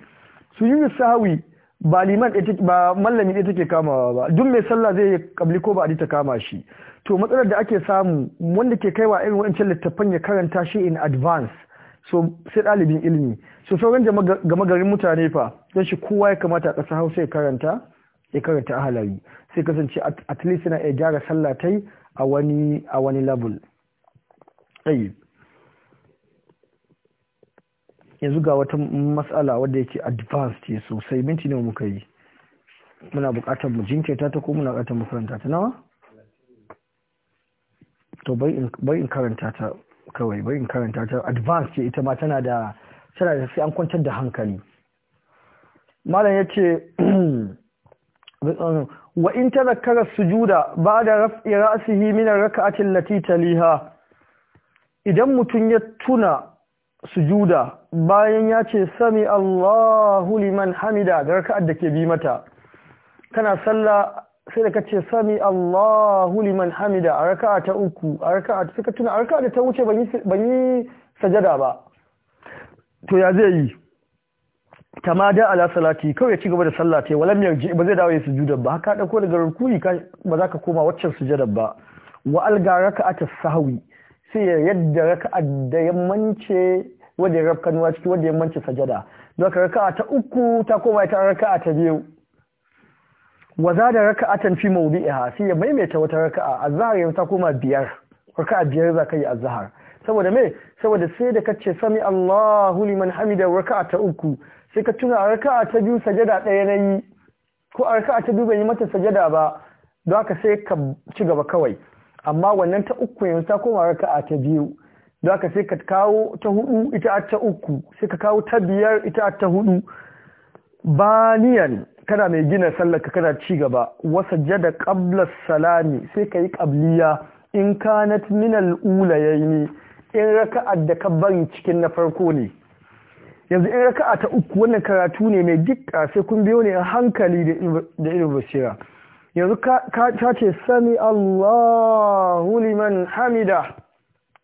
su yi sahawi ba liman ba mallami ɗaya take kamawa ba duk mai sallah zai yi kabli ko ba a ta kama shi to matsalar da ake samu wanda ke kaiwa irin wancan littattafan ya karanta shi in advance so sai ɗalibin ilimi so sauran gama garin mutane fa don shi kowa ya kamata a ƙasa hausa ya karanta ya karanta ahalari sai kasance at least yana iya gyara sallah ta a wani a wani level tayyib yanzu ga wata matsala wadda yake advanced ce sosai minti ne muka yi muna buƙatar mu jinkirta ta ko muna buƙatar mu karanta ta nawa to bai in karanta ta kawai bai in karanta ta advanced ce ita ma tana da tana da sai an kwantar da hankali malam yace wa in tarakkara sujuda ba da raf'i ra'sihi min ar-rak'ati allati taliha idan mutun ya tuna sujuda bayan ya ce sami Allahu liman hamida da rak'ar da ke bi mata kana sallah sai da kace sami Allahu liman hamida a raka'a ta uku a raka'a ta suka tuna a raka'a da ta wuce ban yi sajada ba to ya zai yi da ala salati kawai ya ci gaba da sallah ta walam yarji ba zai dawo ya sujuda ba haka dauko daga rukuni ba za ka koma waccan sujada ba wa alga raka'ata sahwi sai ya yadda raka'at da yammance wanda ya rafkanuwa ciki wanda ya yammanci sajada don ka raka'a ta uku ta koma ta raka'a ta biyu wa da raka'atan fi mawdi'iha sai ya maimaita wata raka'a azhar ya ta koma biyar raka'a biyar za ka yi azhar saboda me saboda sai da kace sami Allahu liman hamida raka'a ta uku sai ka tuna a raka'a ta biyu sajada ɗaya na yi ko a raka'a ta biyu ban yi mata sajada ba don haka sai ka ci gaba kawai amma wannan ta uku yanzu ta koma raka'a ta biyu don haka sai ka kawo ta hudu ita ta uku sai ka kawo ta biyar ita ta hudu baniyan kana mai gina sallar ka kana ci gaba wasa jada qabla salami sai ka yi qabliya in kanat min al-ula in raka'ar da ka bari cikin na farko ne yanzu in raka'a ta uku wannan karatu ne mai dikka sai kun biyo ne a hankali da irin basira yanzu ka ce sami Allahu liman hamida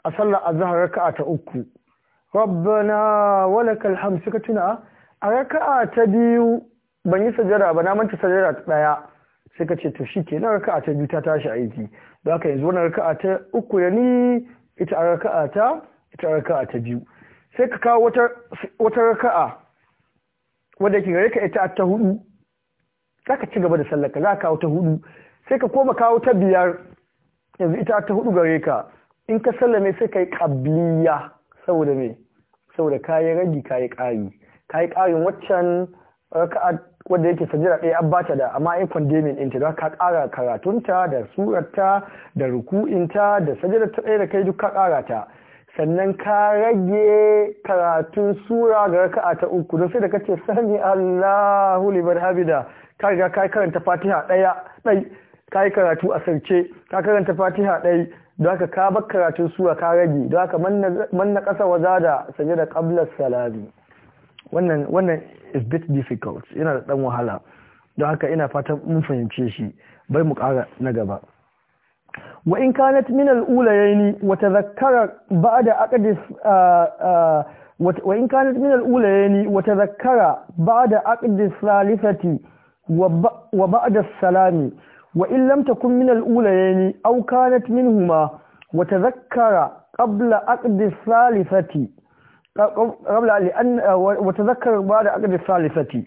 a sallar azhar raka'a ta uku rabbana walakal hamd suka tuna a raka'a ta biyu ban yi sajada ba na manta sajada ta daya sai ka ce to na raka'a ta biyu ta tashi aiki don haka yanzu wannan raka'a ta uku ya ni ita raka'a ita raka'a ta biyu sai ka kawo wata raka'a wadda ke gare ka ita ta hudu za ka ci gaba da sallaka za ka kawo ta hudu sai ka koma kawo ta biyar yanzu ita ta hudu gare ka in ka sallame sai ka yi ƙabliya saboda me saboda kayi ragi kayi kari kayi ƙarin waccan raka'a wadda yake sajira ɗaya an bata da amma in kwandemin ɗinta za ka ƙara karatunta da surarta da ruku'inta da sajira ta ɗaya da kai duk ka ƙara ta sannan ka rage karatun sura ga raka'a ta uku don sai da kace 'Sani' Allahu liman habida ka riga ka karanta Fatiha daya dai ka yi karatu a sarce ka karanta Fatiha dai don haka ka bar karatun sura ka rage don haka manna kasa wazada sanye da qabla salami wannan wannan is bit difficult yana da ɗan wahala don haka ina fatan mun fahimce shi bai mu kara na gaba wa in kanat min al-ulayaini wa tadhakkara ba'da aqdi uh, uh, wa in kanat min al-ulayaini wa tadhakkara ba'da aqdi thalithati wa ba'da salami wa in lam takun min al-ulayaini aw kanat minhuma wa tadhakkara qabla aqdi thalithati qabla an wa tadhakkara ba'da aqdi thalithati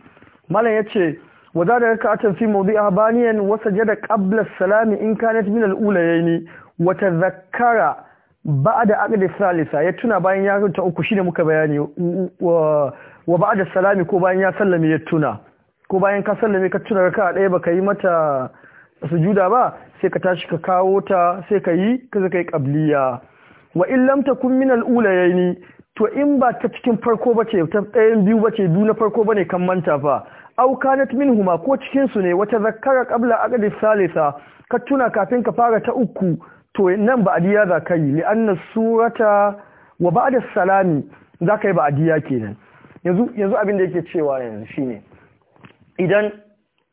malan yace وزاد ركعة في موضعها بانيا وسجد قبل السلام إن كانت من الأوليين وتذكر بعد عقد الثالثة يتنا باين يا uku shine muka bayani wa ba'da salami ko bayan ya sallame ya tuna ko bayan ka sallame ka tuna baka yi mata sujuda ba sai ka tashi ka kawo ta sai ka yi ka zaka yi qabliya wa in lam takun min al-ulayaini to in ba ta cikin farko bace ta ɗayan biyu bace biyu na farko bane kan manta fa Aukanat minhuma ko cikin su ne wata zakkara qabla aqdi salisa ka tuna kafin ka fara ta uku to nan ba adiya za ka yi li'anna surata wa ba'da salami za ka yi ba adiya kenan yanzu yanzu abin da yake cewa yanzu shine idan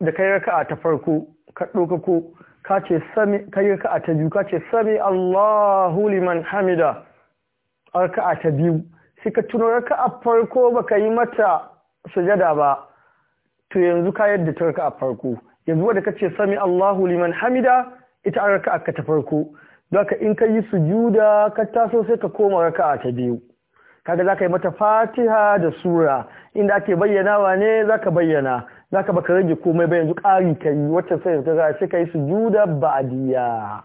da kai raka'a ta farko ka doka ka ce sami kai raka'a ta biyu ka ce sami Allahu liman hamida raka'a ta biyu sai ka tuna raka'a farko baka yi mata sujada ba to yanzu ka yadda ta raka a farko yanzu wanda ce sami Allahu liman hamida ita an raka ka ta farko ka in ka yi sujuda ka taso sai ka koma raka'a ta biyu kaga ka yi mata Fatiha da sura inda ake bayyanawa ne za ka bayyana Za ka baka rage komai ba yanzu ƙari ka yi. wacce sai ka ga sai ka yi sujuda ba'diya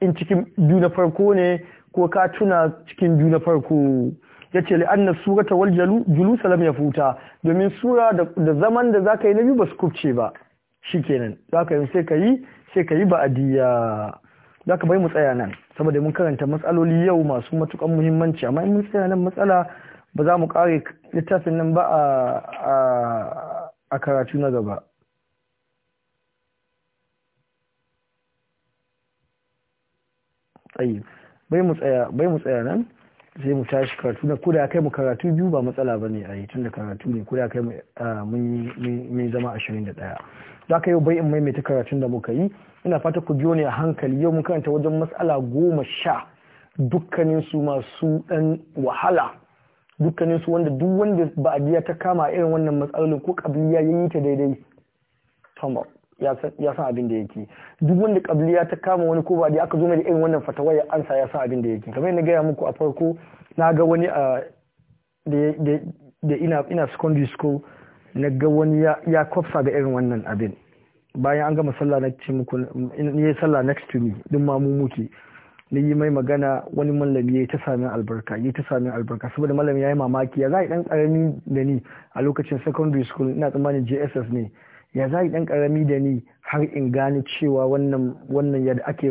in cikin juna farko ne ko ka tuna cikin juna farko yace ce sura surata wal julus ya futa domin sura da zaman da za ka yi na biyu ba su kubce ba shikenan ka yi sai yi sai kai za ka bai mu tsaya nan saboda mun karanta matsaloli yau masu matukan muhimmanci amma in mun tsaya nan matsala ba za mu kare littafin nan ba a karatu na gaba bai mu tsaya nan sai mu tashi karatu na kuda kai mu karatu biyu ba matsala ba ne a yi tun da karatu ne kuda kai mun zama ashirin da ɗaya za ka yau bai in maimaita karatun da muka yi ina fata ku biyo ne a hankali yau mun karanta wajen matsala goma sha dukkanin su masu ɗan wahala dukkanin su wanda duk wanda ba a biya ta kama irin wannan matsalolin ko kabiliya ya yi ta daidai tamar ya sa abin da yake duk wanda kabliya ta kama wani ko ba da aka zo mai da irin wannan fatawa ya ansa ya sa abin da yake kamar na gaya muku a farko na ga wani a da ina secondary school na ga wani ya kwafsa ga irin wannan abin bayan an gama sallah na ce muku ni yi sallah next to me din ma mu muke ni yi mai magana wani malami ya ta sami albarka ya ta sami albarka saboda malami ya yi mamaki ya za a yi dan karami da ni a lokacin secondary school ina tsammanin jss ne ya za dan karami da ni har in gani cewa wannan wannan yadda ake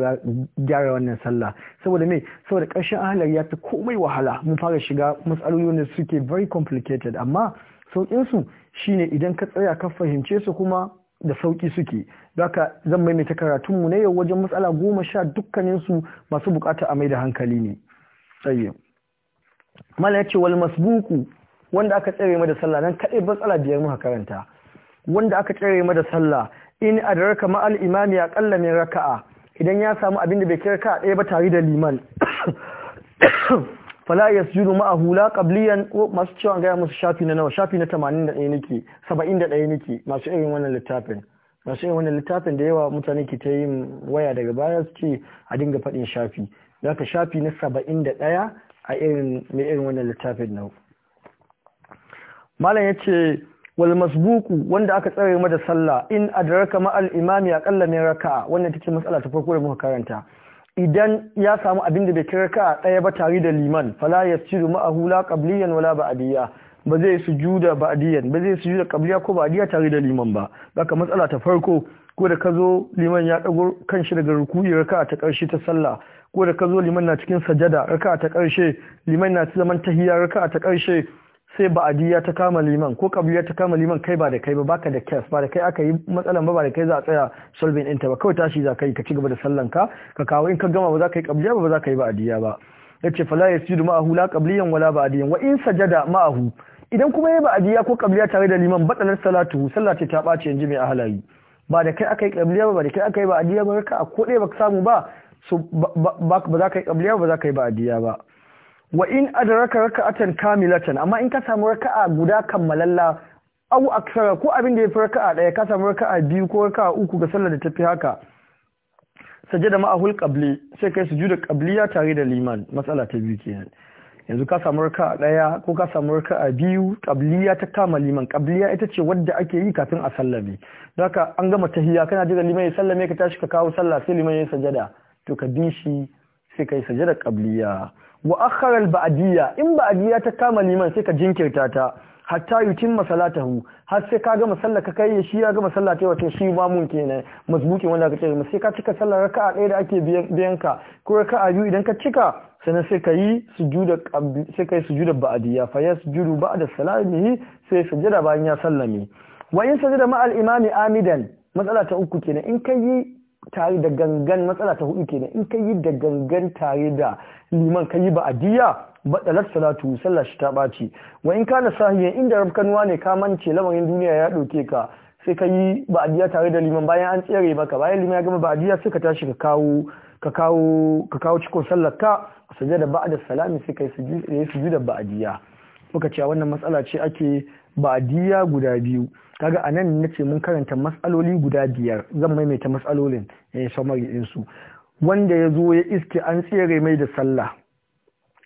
gyara wannan sallah saboda me saboda ƙarshen ahalar ya fi komai wahala mun fara shiga matsaloli suke very complicated amma sauƙinsu su shine idan ka tsaya ka fahimce su kuma da sauƙi suke ka zan mai karatun karatunmu na yau wajen matsala goma sha dukkaninsu masu bukata a mai da hankali ne tsaye mala ya ce wal masbuku wanda aka tsare mai da sallah nan kaɗai matsala biyar muka karanta wanda aka tsere mada sallah in adraka ma'al imami kalla min raka'a idan ya samu abin da bai kira ka ɗaya ba tare da liman fala yasjudu ma'ahu hula qabliyan masu cewa ga musu shafi na nawa shafi na 81 nake 71 nake masu irin wannan littafin masu irin wannan littafin da yawa mutane ke ta yin waya daga baya su ce a dinga faɗin shafi ka shafi na 71 a irin mai irin wannan littafin nau malam yace wal masbuku wanda aka tsare mada sallah in adraka ma al imami aqalla min raka'a wannan take matsala ta farko da muka karanta idan ya samu abin da bai kira raka'a daya ba tare da liman fala yasjudu ma'ahu la qabliyan wala ba'diya ba zai sujuda ba'diyan ba zai sujuda qabliya ko ba'diya tare da liman ba haka matsala ta farko ko da ka zo liman ya dago kanshi daga ruku'i raka'a ta karshe ta sallah ko da ka liman na cikin sajada raka'a ta karshe liman na zaman tahiyya raka'a ta karshe sai ba'adiyya ta kama liman ko kabliya ta kama liman kai ba da kai ba baka da kes ba da kai aka yi matsalan ba ba da kai za a tsaya solving ɗinta ba kawai tashi za ka yi ka ci gaba da sallan ka ka kawo in ka gama ba za ka yi kabliya ba ba za ka yi ba'adiyya ba ce fala yasjudu ma'ahu la qabliyan wala ba'adiyyan wa in sajada ma'ahu idan kuma ya ba'adiyya ko qabliya tare da liman badalar salatu sallah ce ta bace yanzu mai ahlayi ba da kai aka yi qabliya ba ba da kai aka ba ka ko ba ka samu ba so ba za ka yi ba za ka yi ba wa in adraka raka'atan kamilatan amma in ka samu raka'a guda kammalalla aw aksara ko abin da ya yafi raka'a daya ka samu raka'a biyu ko raka'a uku ga sallar da tafi haka sajada ma'ahul qabli sai kai sujuda qabliya tare da liman matsala ta biyu kenan yanzu ka samu raka'a daya ko ka samu raka'a biyu qabliya ta kama liman qabliya ita ce wadda ake yi kafin a sallame don haka an gama tahiya kana jira liman ya sallame ka tashi ka kawo sallah sai liman ya sajada to ka bi shi sai kai sajada qabliya wa akharal ba'diyya in ba'diyya ta kama liman sai ka jinkirta ta hatta yutim masalatahu har sai ka gama sallah ka kai shi ya gama sallah ta wato shi ba mun kenan mazbuki wanda ka tsaya sai ka cika sallar raka'a ɗaya da ake biyan ka ko raka'a biyu idan ka cika sannan sai ka yi sujuda sai ka yi sujuda ba'diyya fa yasjudu ba'da salamihi sai sujuda bayan ya sallame wa in sajada ma'al imami amidan matsala ta uku kenan in ka yi tare da gangan matsala ta hudu kenan in ka yi da gangan tare da liman ka yi ba'adiyya baɗalar salatu sallah shi ta ɓaci wa in kana sahiya inda rafkanuwa ne ka mance lamarin duniya ya ɗauke ka sai ka yi ba'adiyya tare da liman bayan an tsere maka bayan liman ya gama ba'adiyya sai ka tashi ka kawo ka kawo ka kawo cikon sallar ka da ba'ada salami sai kai sujuda ba'adiyya muka cewa wannan matsala ce ake ba'adiyya guda biyu kaga anan nace mun karanta matsaloli guda biyar zan maimaita matsalolin eh samari din su wanda ya zo ya iske an tsere mai da sallah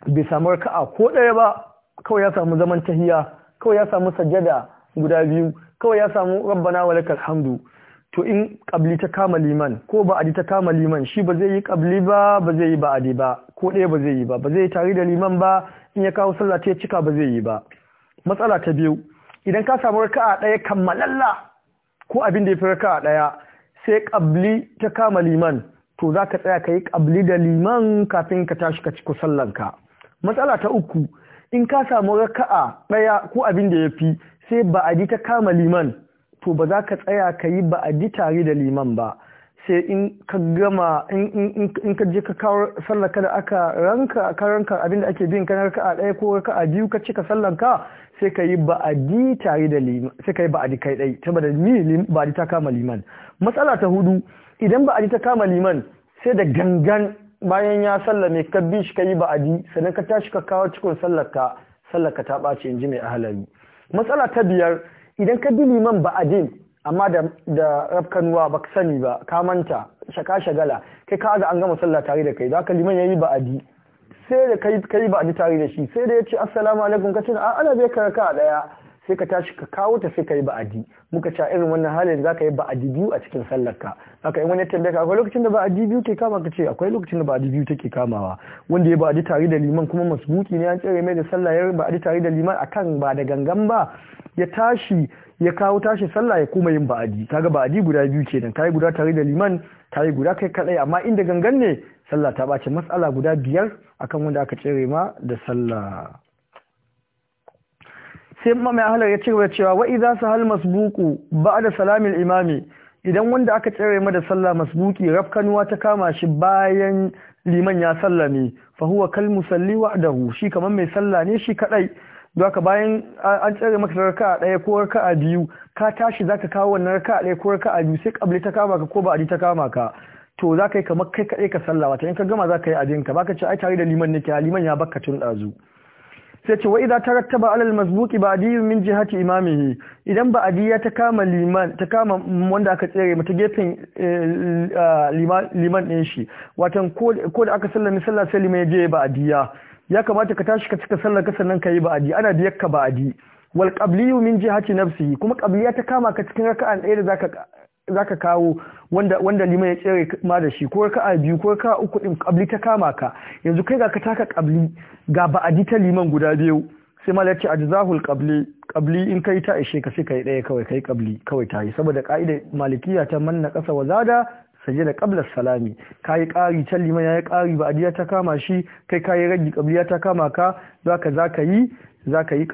bai samu raka'a ko ɗaya ba kawai ya samu zaman tahiya kawai ya samu sajjada guda biyu kawai ya samu rabbana walakal hamdu to in kabli ta kama liman ko ba'adi ta kama liman shi ba zai yi kabli ba ba zai yi adi ba ko ɗaya ba zai yi ba ba zai yi tare da liman ba in ya kawo sallah ta cika ba zai yi ba matsala ta biyu idan ka samu raka'a ɗaya kammalalla ko abin da ya fi raka'a ɗaya sai ƙabli ta kama liman to za ka tsaya ka yi ƙabli da liman kafin ka tashi ka ciko sallanka matsala ta uku in ka samu raka'a ɗaya ko abin da ya fi sai ba'adi ta kama liman to ba za ka tsaya ka yi ba'adi tare da liman ba sai in ka gama in ka je ka kawo sallaka da aka ranka ka ranka abinda ake bin kan raka'a ɗaya ko raka'a biyu ka cika sallanka sai ka yi ba'adi tare da liman sai ka yi ba'adi kai ɗai ni ba'adi ta kama liman matsala ta hudu idan ba'adi ta kama liman sai da gangan bayan ya sallame ka bi shi ka yi ba'adi sannan ka tashi ka kawo cikin sallaka. Sallaka ta ɓace in ji mai ahalari matsala ta biyar idan ka bi liman ba'adin amma da da rafkanuwa ka sani ba ka manta shaka shagala kai ka ga an gama sallah tare da kai za ka liman yayi ba'adi sai da ka yi ba'adi tare da shi sai da ya ce assalamu alaikum ka ce a ana bai karaka ɗaya.' sai ka tashi ka kawo ta sai ka yi ba'adi muka ca irin wannan halin za ka yi ba'adi biyu a cikin sallar sallarka ka yi wani tambaya akwai lokacin da ba'adi biyu ke kama ka ce akwai lokacin da ba'adi biyu take kamawa wanda ya ba'adi tare da liman kuma masbuki ne an tsere mai da sallah ya ba'adi tare da liman akan ba da gangan ba ya tashi ya kawo tashi sallah ya kuma yin ba'adi kaga ba'adi guda biyu kenan kai guda tare da liman kai guda kai kadai amma inda gangan ne sallah ta bace matsala guda biyar akan wanda aka tsere ma da sallah sai mai halar ya gaba cewa wai za su hal masbuku ba da salamin imami idan wanda aka tsere mada sallah masbuki rafkanuwa ta kama shi bayan liman ya sallame fa huwa kal musalli wahdahu shi kaman mai sallah ne shi kadai Doka bayan an tsere maka a daya ko raka a biyu ka tashi zaka kawo wannan a daya ko raka a biyu sai kabli ta kama ka ko ba ta kama ka to za ka yi kamar kai kadai ka sallah wata in ka gama ka yi abinka ka ce ai tare da liman nake liman ya bakka tun ɗazu. sai ce wa idza tarattaba ala al-mazbuqi ba'di min jihati imamihi idan ba'di ya ta kama liman ta kama wanda aka tsere mata gefen eh, liman din shi watan ko da aka sallami sallah sai liman ya je ba'diya ya kamata ka tashi ka cika sallar ka sannan ka yi ba'di ana diyakka ba'di wal qabliyu min jihati nafsihi kuma qabliya ta kama ka cikin raka'an ɗaya da zaka Za ka kawo wanda liman ya tsere ma da shi ko a biyu ko ka uku din kabli ta kama ka yanzu kai ga ka taka kabli ga ba'adi ta liman guda biyu sai mala ce ajzahul qabli qabli in kai ta ishe ka sai kai daya kawai kai qabli kawai ta yi saboda ka'idar malikiya ta manna kasa wa zada saje da qabla salami kai kari ta liman yayi kari ba'adiya ta kama shi kai kai ragi qabliya ta kama ka zaka zaka yi zaka yi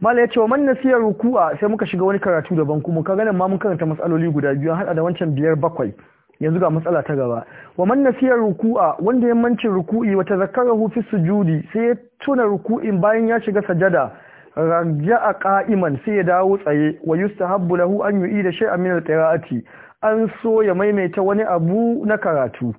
mala ya ce wa man nasiya ruku'a sai muka shiga wani karatu daban kuma ka ganin ma mun karanta matsaloli guda biyu hada da wancan biyar bakwai yanzu ga matsala ta gaba wa man nasiya ruku'a wanda ya manci ruku'i wata zakara hufi sujudi sai ya tuna ruku'in bayan ya shiga sajada raja a ka'iman sai ya dawo tsaye wa yustahabbu lahu an da da min al-qira'ati an so ya maimaita wani abu na karatu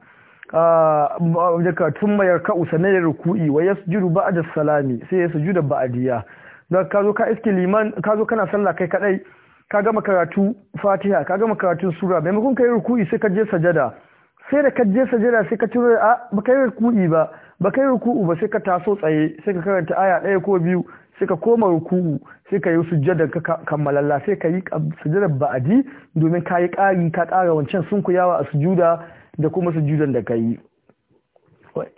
ah, da karatun mayar ka'u da ruku'i wa yasjudu ba'da salami sai ya sujuda ba'diya da ka zo ka iske liman ka zo kana sallah kai kadai ka gama karatu fatiha ka gama karatun sura maimakon ka ruku'i sai ka je sajada sai da ka je sajada sai ka ciro a ba kai ruku'i ba ba kai ruku'u ba sai ka taso tsaye sai ka karanta aya ɗaya ko biyu sai ka koma ruku'u sai ka yi sujjada ka kammalalla sai ka yi sujjada ba'adi domin ka yi ƙari ka ƙara wancan sunkuyawa a sujuda da kuma sujudan da ka yi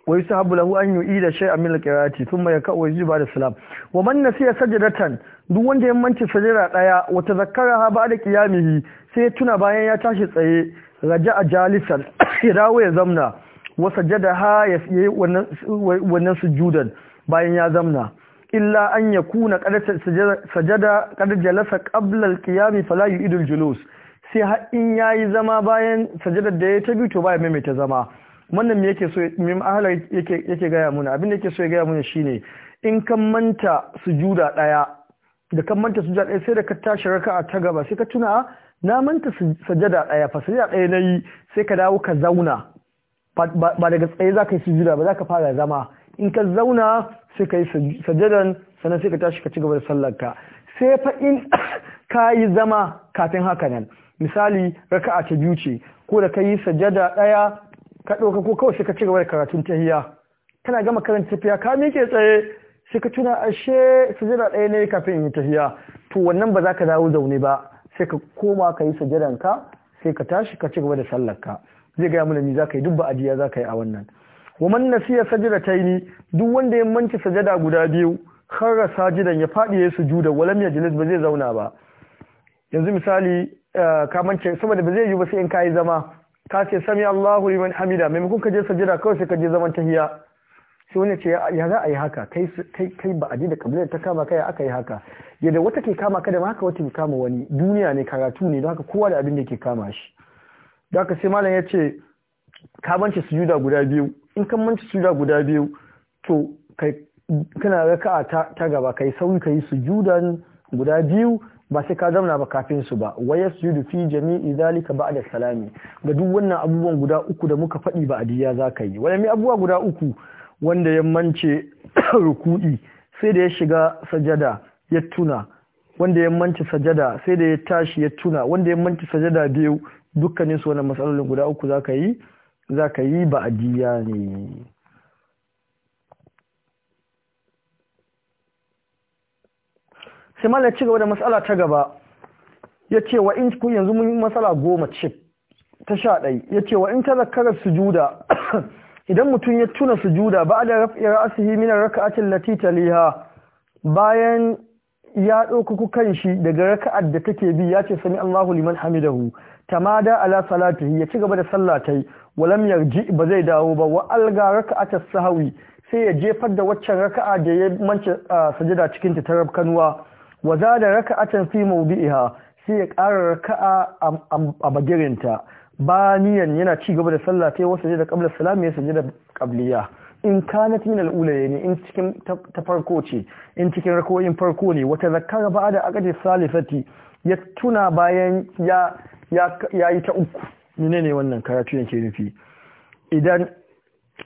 wa yusahabu lahu an yu'ida shay'an min al-qira'ati thumma yaka'u wa yujibu ba'da salam wa man nasiya sajdatan duk wanda ya manta sajada daya wa ha ba'da qiyamihi sai tuna bayan ya tashi tsaye a jalisan ya dawo ya zamna wa ha ya yi wannan wannan sujudan bayan ya zamna illa an yakuna qad sajada qad jalasa qabla al-qiyami fala julus sai har in yayi zama bayan sajadar da ya ta biyu to ya maimaita zama wannan me yake so mim ahala yake yake gaya mana, abin da yake so ya gaya muna shine in kan manta sujuda daya da kan manta sujuda daya sai da ka tashi raka'a ta gaba sai ka tuna ah, na manta sajada daya fa sajada daya nayi sai ka dawo ka zauna ba daga tsaye za ka yi sujuda ba za ka fara zama in ka zauna sai ka yi sajadan sannan sai ka tashi ka ci gaba da sallarka sai fa in ka yi zama kafin haka nan misali raka'a ta biyu ce ko da ka yi sajada daya ka ɗauka ko kawai sai ka ci gaba da karatun tahiya kana gama karanta tafiya ka miƙe tsaye sai ka tuna ashe sujada ɗaya ne kafin in yi tahiya to wannan ba za ka dawo zaune ba sai ka koma ka yi sujadan ka sai ka tashi ka ci gaba da sallar ka zai gaya mana ni za ka yi duk ajiya za ka yi a wannan wa man nasiya sajadataini duk wanda ya manci sajada guda biyu kharra sajidan ya faɗi ya sujuda walam yajlis ba zai zauna ba yanzu misali eh, ka mance saboda ba zai yi ba sai in kai zama ka ce sami Allahu liman hamida maimakon ka je sajada kawai sai ka je zaman tahiya sai wani ce ya za a yi haka kai ba a ji da kabilar ta kama kai aka yi haka yadda wata ke kama ka da ma haka wata ke kama wani duniya ne karatu ne don haka kowa da abin da ke kama shi don haka sai malam ya ce ka mance sujuda guda biyu in ka mance sujuda guda biyu to kai kana raka'a ta gaba kai sauri kai sujudan guda biyu ba sai ka zauna ba kafin su ba wa yasjudu fi jami'i zalika ba'da salami ga duk wannan abubuwan guda uku da muka faɗi ba adiya zaka yi wani abubuwa guda uku wanda ya mance ruku'i sai da ya shiga sajada ya tuna wanda ya mance sajada sai da ya tashi ya tuna wanda ya mance sajada biyu dukkanin su wannan matsalolin guda uku zaka yi yi ba adiya ne sai mala ci gaba da matsala ta gaba ya ce wa in ku yanzu mun yi matsala goma ce ta sha ɗai ya ce wa in ta zakarar sujuda idan mutum ya tuna sujuda ba da rafi ra'asihi min raka'atin latita taliha bayan ya ɗaukaku kanshi daga raka'ar da take bi ya ce sami Allahu liman hamidahu tamada ala salatihi ya ci gaba da sallah tai walam yarji ba zai dawo ba wa alga raka'ata sahawi sai ya jefar da waccan raka'a da ya mance sajada cikin ta tarab kanuwa wa zada raka'atan fi mawdi'iha sai ya ƙara raka'a a bagirinta ba niyan yana ci gaba da sallah ta wasu da qabla salam ya da qabliya in kanat min al-ula ne in cikin ta farko ce in cikin rakoyin farko ne wata zakara ba'da aqdi salifati ya tuna bayan ya yi ta uku menene wannan karatu yake nufi idan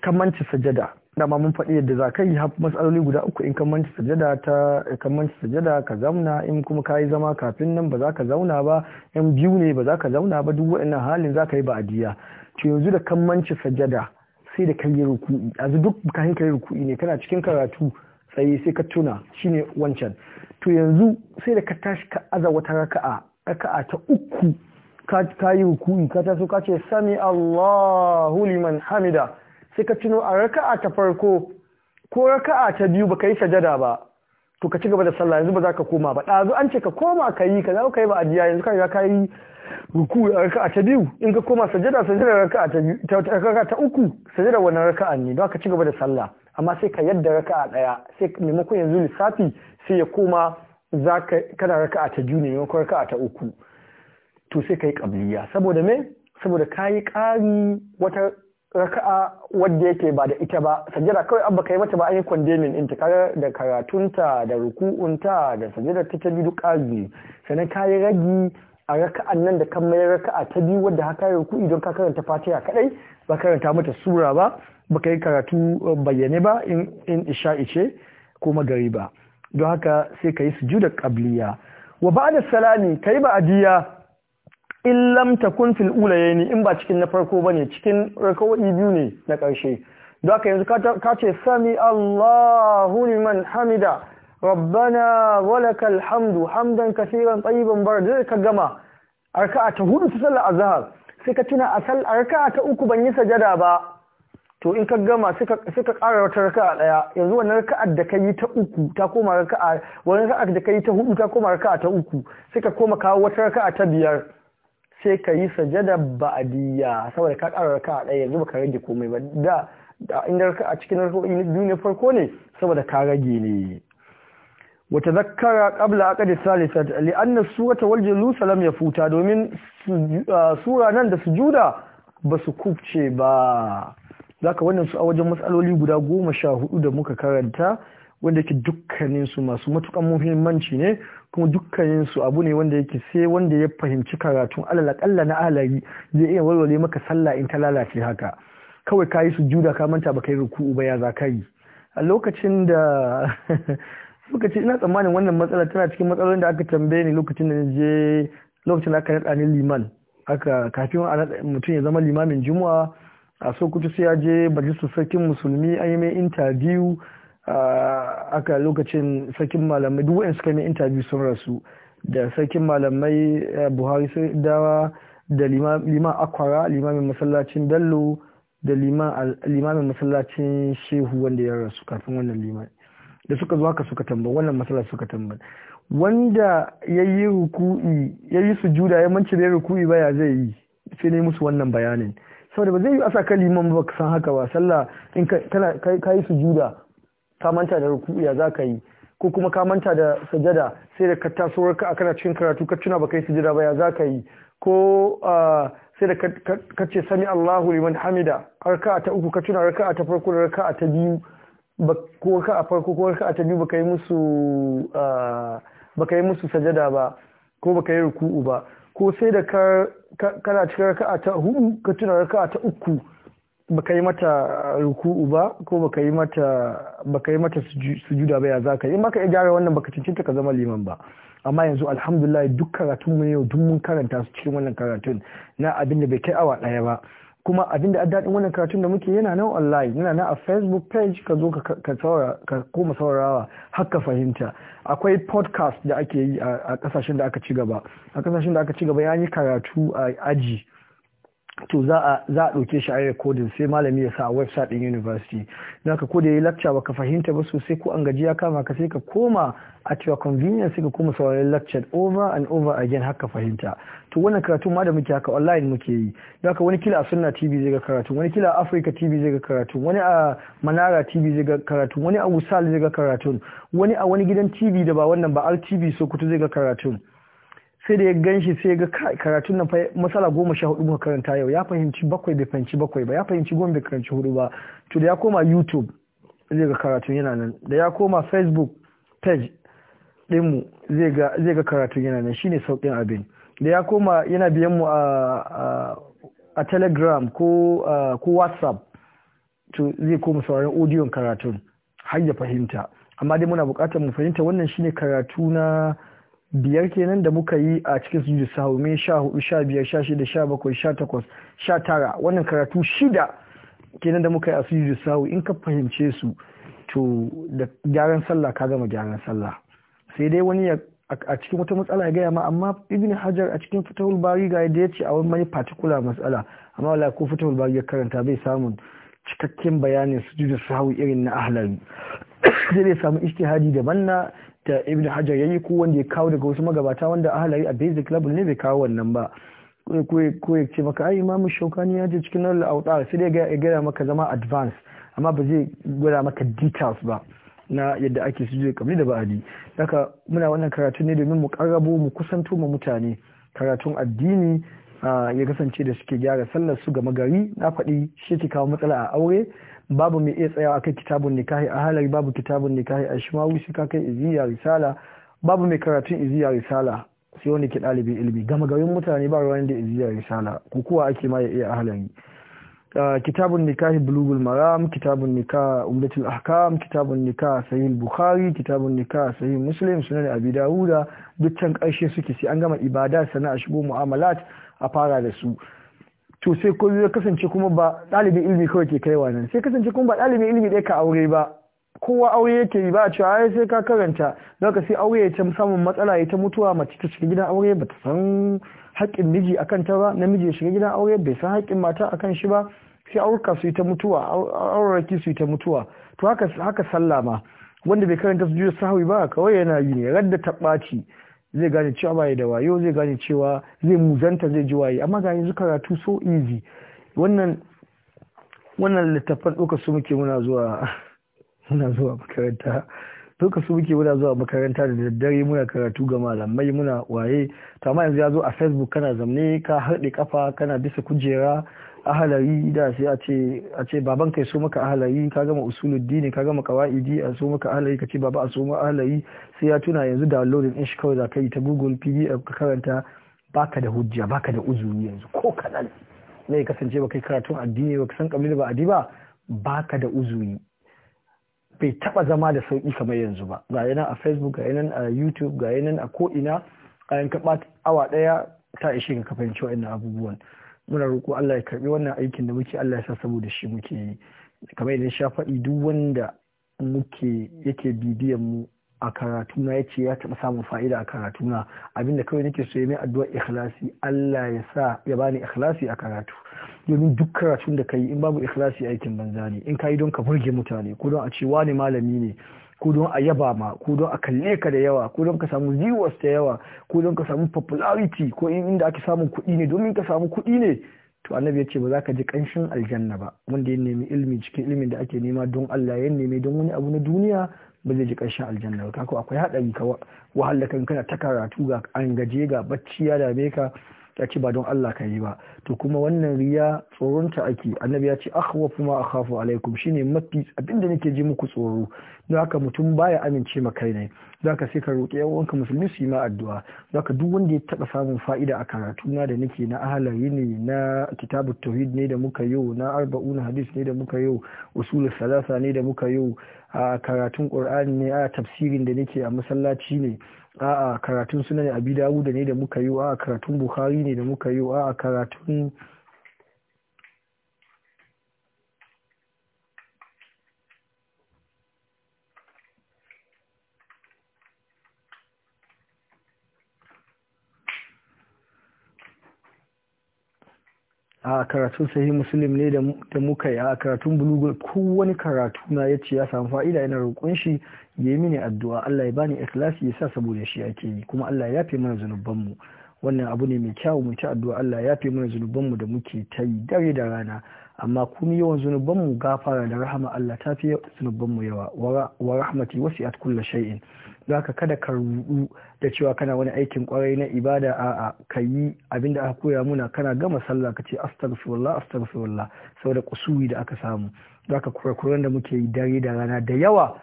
kamanci sajada dama mun faɗi yadda za ka yi matsaloli guda uku in kan manci sajada ta kan manci sajada ka zauna in kuma ka yi zama kafin nan ba za ka zauna ba yan biyu ne ba za ka zauna ba duk waɗannan halin za ka yi ba'adiyya to yanzu da kan manci sajada sai da kai ruku'i yanzu duk kayan kai ruku'i ne kana cikin karatu tsaye sai ka tuna shine wancan to yanzu sai da ka tashi ka aza wata raka'a raka'a ta uku ka yi ruku'i ka taso ka ce sami Allahu liman hamida sai ka tuno a raka'a ta farko ko raka'a ta biyu ba ka yi sajada ba to ka ci gaba da sallah yanzu ba za ka koma ba ɗazu an ce ka koma ka yi ka za ka yi ba ajiya yanzu ka riga ka yi ruku a raka'a ta biyu in ka koma sajada sajada raka'a ta biyu ta uku sajada wannan raka'a ne don ka ci gaba da sallah amma sai ka yadda raka'a ɗaya sai maimakon yanzu lissafi sai ya koma za ka kana raka'a ta biyu ne maimakon raka'a ta uku to sai ka yi ƙabliya saboda me saboda ka yi ƙari wata raka'a wadda yake ba da ita ba sajjada kawai abba kai mata ba an kwandemin condemning ta da karatunta da ruku'unta da sajjada ta ta biyu ƙazi sannan ka yi ragi a raka'an nan da kan mai raka'a ta biyu wadda haka yi ruku'i don ka karanta fatiha kaɗai ba karanta mata sura ba ba ka yi karatu uh, bayyane ba in isha ce ko magari ba don haka sai ka yi sujudar qabliya wa ba'da salami yi ba'adiyya in lam takun fil ulayni in ba cikin na farko bane cikin rakawi biyu ne na karshe don haka yanzu ka ce sami Allahu liman hamida rabbana walakal hamdu hamdan kaseeran tayyiban barda ka gama arka'a ta hudu ta sallar azhar sai ka tuna a sallar arka'a ta uku ban yi sajada ba to in ka gama sai ka ƙara wata raka'a ɗaya yanzu wani raka'ar da ka yi ta uku ta koma raka'a wani raka'ar da ka yi ta hudu ta koma raka'a ta uku sai ka koma kawo wata raka'a ta biyar sai ka yi sajada ba'adiyya saboda ka ƙara raka a ɗaya yanzu baka rage komai ba da inda a cikin raka'o'i biyu ne farko ne saboda ka rage ne وتذكر قبل عقد الثالثة لأن السورة والجلوس ya futa domin sura nan da sujuda su kubce ba zaka wannan su a wajen matsaloli guda goma sha hudu da muka karanta wanda yake dukkanin su masu matukan muhimmanci ne kuma dukkanin su abu ne wanda yake sai wanda ya fahimci karatun alal akalla na alari zai iya walwale maka sallah in ta lalace haka kawai kayi sujuda ka manta baka yi ruku'u ba ya za ka yi a lokacin da lokacin ina tsammanin wannan matsala tana cikin matsalolin da aka tambaye ni lokacin da na je lokacin da aka naɗa ni liman aka kafin a mutum ya zama limamin juma'a a sokoto sai ya je majalisar sarkin musulmi an yi mai intabiyu aka lokacin sarkin malamai duk wa'in suka mai interview sun rasu da sarkin malamai eh, buhari sai dawa da liman akwara limamin masallacin bello da limamin masallacin shehu wanda ya rasu kafin wannan liman da suka zo haka suka tambar wannan masala suka tambar wanda ya yi ruku'i ya yi su juda ya manci bai ruku'i ba ya zai yi sai ne musu wannan bayanin saboda ba zai yi asa liman ba san haka ba sallah in ka yi su juda. ka manta da ruku'u ya zaka yi ko kuma ka manta da sajada sai da ka taso a kana cikin karatu ka tuna baka yi sujada ba ya zaka yi ko sai da ka ce sami Allahu liman hamida raka ta uku ka tuna raka ta farko da raka ta biyu ko a farko ko raka ta biyu baka yi musu baka yi musu sajada ba ko baka yi ruku'u ba ko sai da kana cikin raka ta hudu ka tuna raka ta uku baka yi mata ruku'u ba ko baka yi mata sujuda ba ya zaka in baka gyara wannan baka cancanta ka zama liman ba amma yanzu alhamdulillah duk karatun mu yau duk mun karanta su cikin wannan karatun na abin da bai kai awa daya ba kuma abin da daɗin wannan karatun da muke yana nan online yana na a facebook page ka zo ka koma saurawa har ka fahimta akwai podcast da ake yi a kasashen da aka ci a kasashen da aka ci gaba ya yi karatu a aji to za a ɗauke shi a recording sai malami ya sa a website ɗin university na ka ko da ya lacca ba ka fahimta ba sosai ko an gaji ya kama ka sai ka koma a cewa convenience sai ka koma sauraron lecture over and over again haka fahimta to wannan karatun ma da muke haka online muke yi na ka wani kila a sunna tv zai ga karatu wani kila a africa tv zai ga karatu wani a manara tv zai ga karatu wani a wusal zai ga karatu wani a wani gidan tv da ba wannan ba rtv sokoto zai ga karatu sai da ya gan shi sai ga karatun nan matsala goma sha hudu muka karanta yau ya fahimci bakwai bai fahimci bakwai ba ya fahimci goma bai karanci hudu ba to da ya koma youtube zai ga karatun yana nan da ya koma facebook page dinmu zai ga karatun yana nan shine saukin abin da ya koma yana biyan mu a telegram ko ko whatsapp to zai koma sauraron odiyon karatun har ya fahimta amma dai muna buƙatar mu fahimta wannan shine karatu na biyar kenan da muka yi a cikin sujudu hume sha hudu sha biyar sha shida sha bakwai sha takwas sha tara wannan karatu shida kenan da muka yi a sujudu sahu in ka fahimce su to da gyaran sallah ka gama gyaran sallah sai dai wani a cikin wata matsala ya gaya ma amma ibn hajar a cikin fitahul bari ga yadda ya ce a wani particular matsala amma wala ko fitahul bari ya karanta bai samun cikakken bayanin sujudu sahu irin na ahlari sai dai samu ijtihadi daban na da ibn hajar yayi ko wanda ya kawo daga wasu magabata wanda a halari a basic level ne bai kawo wannan ba ko ya ce maka ai imamu shaukani ya je cikin nan al'autar sai dai ya gaya maka zama advance amma ba zai gwada maka details ba na yadda ake je kabli da ba'adi daga muna wannan karatu ne domin mu karabo mu kusanto ma mutane karatun addini ya kasance da suke gyara sallar su gama gari na faɗi shi ke kawo matsala a aure babu mai iya tsayawa kai kitabun nikahi a halari babu kitabun nikahi a shimawi sai ka kai iziya risala babu mai karatun iziya risala sai wani ke ɗalibin ilimi gama garin mutane ba ruwan da iziya risala ko kowa ake ma ya iya a halari ah, kitabun nikahi bulugul maram kitabun nikah umdatul ahkam kitabun nikah sahih bukhari kitabun nikah sahih muslim sunan abi dawuda dukkan karshe suke sai an gama ibada sana'a a shigo mu'amalat a fara da su to sai ko ya kasance kuma ba ɗalibin ilimi kawai ke kaiwa nan sai kasance kuma ba ɗalibin ilimi ɗaya ka aure ba kowa aure yake yi ba a cewa ai sai ka karanta don ka sai aure ya ta samun matsala ya ta mutuwa mace ta shiga gidan aure ba ta san haƙƙin miji kan ta ba namiji ya shiga gidan aure bai san haƙƙin mata a kan shi ba sai aurka su yi ta mutuwa su yi ta mutuwa to haka haka sallah ma wanda bai karanta su juya sahawi ba kawai yana yi ne radda taɓaci zai gane cewa bai da wayo zai gane cewa zai muzanta zai ji waye amma ga yanzu karatu so easy wannan wannan littafan ɗauka su muke muna zuwa muna zuwa makaranta duka su muke muna zuwa makaranta da daddare muna karatu ga malamai muna waye to amma yanzu ya zo a facebook kana zamne ka harde kafa kana bisa kujera ahalari da sai a ce a ce baban kai so maka ahalari ka gama dini ka gama qawaidi a so maka ahalari ka ce baba a so maka ahalari sai ya tuna yanzu downloading din shi kawai za ka yi ta Google PDF ka karanta baka da hujja baka da uzuri yanzu ko kadan ne kasance ba kai karatun addini ba san kabila ba adi ba baka da uzuri bai taba zama da sauki kamar yanzu ba ga yana a Facebook ga yana a YouTube ga yana a ko ina kayan ka awa daya ta ishe ka fahimci wa'annan abubuwan muna roƙo Allah ya karbi wannan aikin da muke Allah ya sa saboda shi muke yi kamar idan sha faɗi duk wanda muke yake bibiyan mu a karatuna ya ce ya taɓa samun fa'ida a karatuna abinda kawai nake so ya mai addu'ar ikhlasi Allah ya sa ya bani ikhlasi a karatu domin duk karatun da ka yi in babu ikhlasi aikin banza ne in ka yi don ka burge mutane ko don a ce wani malami ne ko don a yaba ma ko don a kalle ka da yawa ko don ka samu viewers da yawa ko don ka samu popularity ko inda ake samun kuɗi ne domin ka samu kuɗi ne to annabi ya ce ba za ka ji kanshin aljanna ba wanda ya nemi ilimi cikin ilimin da ake nema don Allah ya nemi don wani abu na duniya ba zai ji kanshin aljanna ba kaka akwai haɗari ka wahala kan kana ta karatu ga an gaje ga bacci ya dame ka ta ce ba don Allah ka yi ba to kuma wannan riya tsoronta ake annabi ya ce akhwafu ma akhafu alaikum shine mafi abinda nake ji muku tsoro don haka mutum baya amince ma kai ne zaka sai ka roƙi yan ka musulmi su yi ma addu'a zaka duk wanda ya taɓa samun fa'ida a karatu na da nake na ahlari ne na kitabu tauhid ne da muka yau na arba'una hadis ne da muka yau usulul salasa ne da muka yau a karatun qur'ani ne a tafsirin da nake a masallaci ne a'a karatun ne abi dawuda ne da muka yi a'a karatun bukhari ne da muka yi a'a karatun a karatun sahih muslim ne da muka yi a karatun bulugul ko wani karatu na yace ya samu fa'ida yana roƙon shi ya yi mini addu'a Allah ya bani ikhlasi ya sa saboda shi ake yi kuma Allah ya fi mana mu wannan abu ne mai kyau mu ci addu'a Allah ya fi mana zunubanmu da muke ta yi dare da rana amma kuma yawan mu gafara da rahama Allah ta fi mu yawa wa rahmati wasi'at kulli shay'in zaka kada ka rudu da cewa kana wani aikin kwarai na ibada a'a ka yi abinda aka koya muna kana gama sallah ka ce astaghfirullah astaghfirullah saboda kusuri da aka samu zaka kura-kuran da muke yi dare da rana da yawa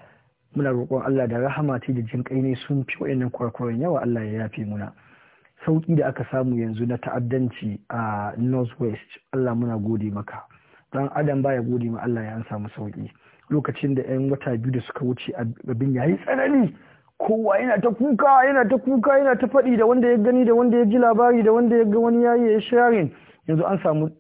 muna roƙon Allah da rahama ce da jin kai ne sun fi wayannan kwarkwaron yawa Allah ya yafe muna sauki da aka samu yanzu na ta'addanci a northwest Allah muna gode maka dan adam baya gode ma Allah ya an samu sauki lokacin da yan wata biyu da suka wuce abin yi tsanani kowa yana ta kuka yana ta kuka yana ta faɗi da wanda ya gani da wanda ya ji labari da wanda ya ga wani yayi ya sharing yanzu an samu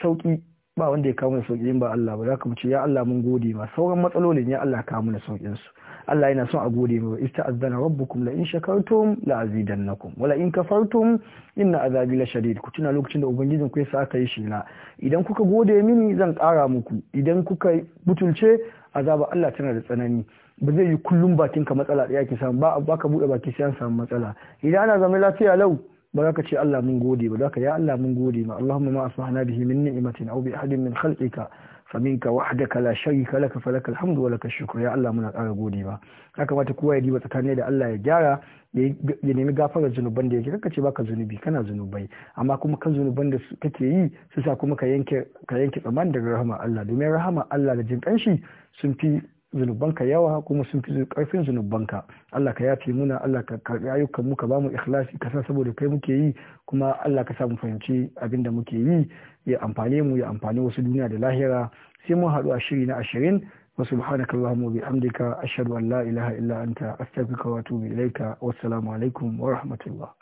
sauki ba wanda ya kawo mana in ba Allah ba za ka ce ya Allah mun gode ma sauran matsalolin ya Allah kawo mana sauƙin su Allah yana son a gode ma ista'azzana rabbukum la in shakartum la azidannakum wala in kafartum inna azabi la shadid ku tuna lokacin da ubangijin ku ya sa aka yi shi na idan kuka gode mini zan ƙara muku idan kuka butulce azaba Allah tana da tsanani ba zai yi kullum bakin ka matsala ɗaya ki samu ba ka buɗe baki sai an samu matsala idan ana zama lafiya lau ba za ka ce Allah mun gode ba za ka ya Allah mun gode ma Allahumma ma asbahna bihi min ni'matin aw bi ahadin min khalqika faminka wahdaka la sharika laka falaka alhamdu wa laka shukru ya Allah muna ƙara gode ba ya kamata kowa ya diba tsakanin da Allah ya gyara ya nemi gafara zunuban da yake kaka ce baka zunubi kana zunubai amma kuma kan zunuban da kake yi su sa kuma ka yanke ka yanke tsaman daga rahama Allah domin rahama Allah da jin kanshi sun fi zunuban ka yawa kuma sun fi karfin zunuban ka, Allah ka yafe muna Allah ka karbi ayyukan mu ka bamu ikhlasi ka saboda kai muke yi kuma Allah ka sa mu fahimci abinda da muke yi ya amfane mu ya amfane wasu duniya da lahira sai mun haɗu a shiri na ashirin wa subhanaka allahumma wa bihamdika ashhadu an la ilaha illa anta astaghfiruka wa atubu ilaika wassalamu alaikum wa rahmatullah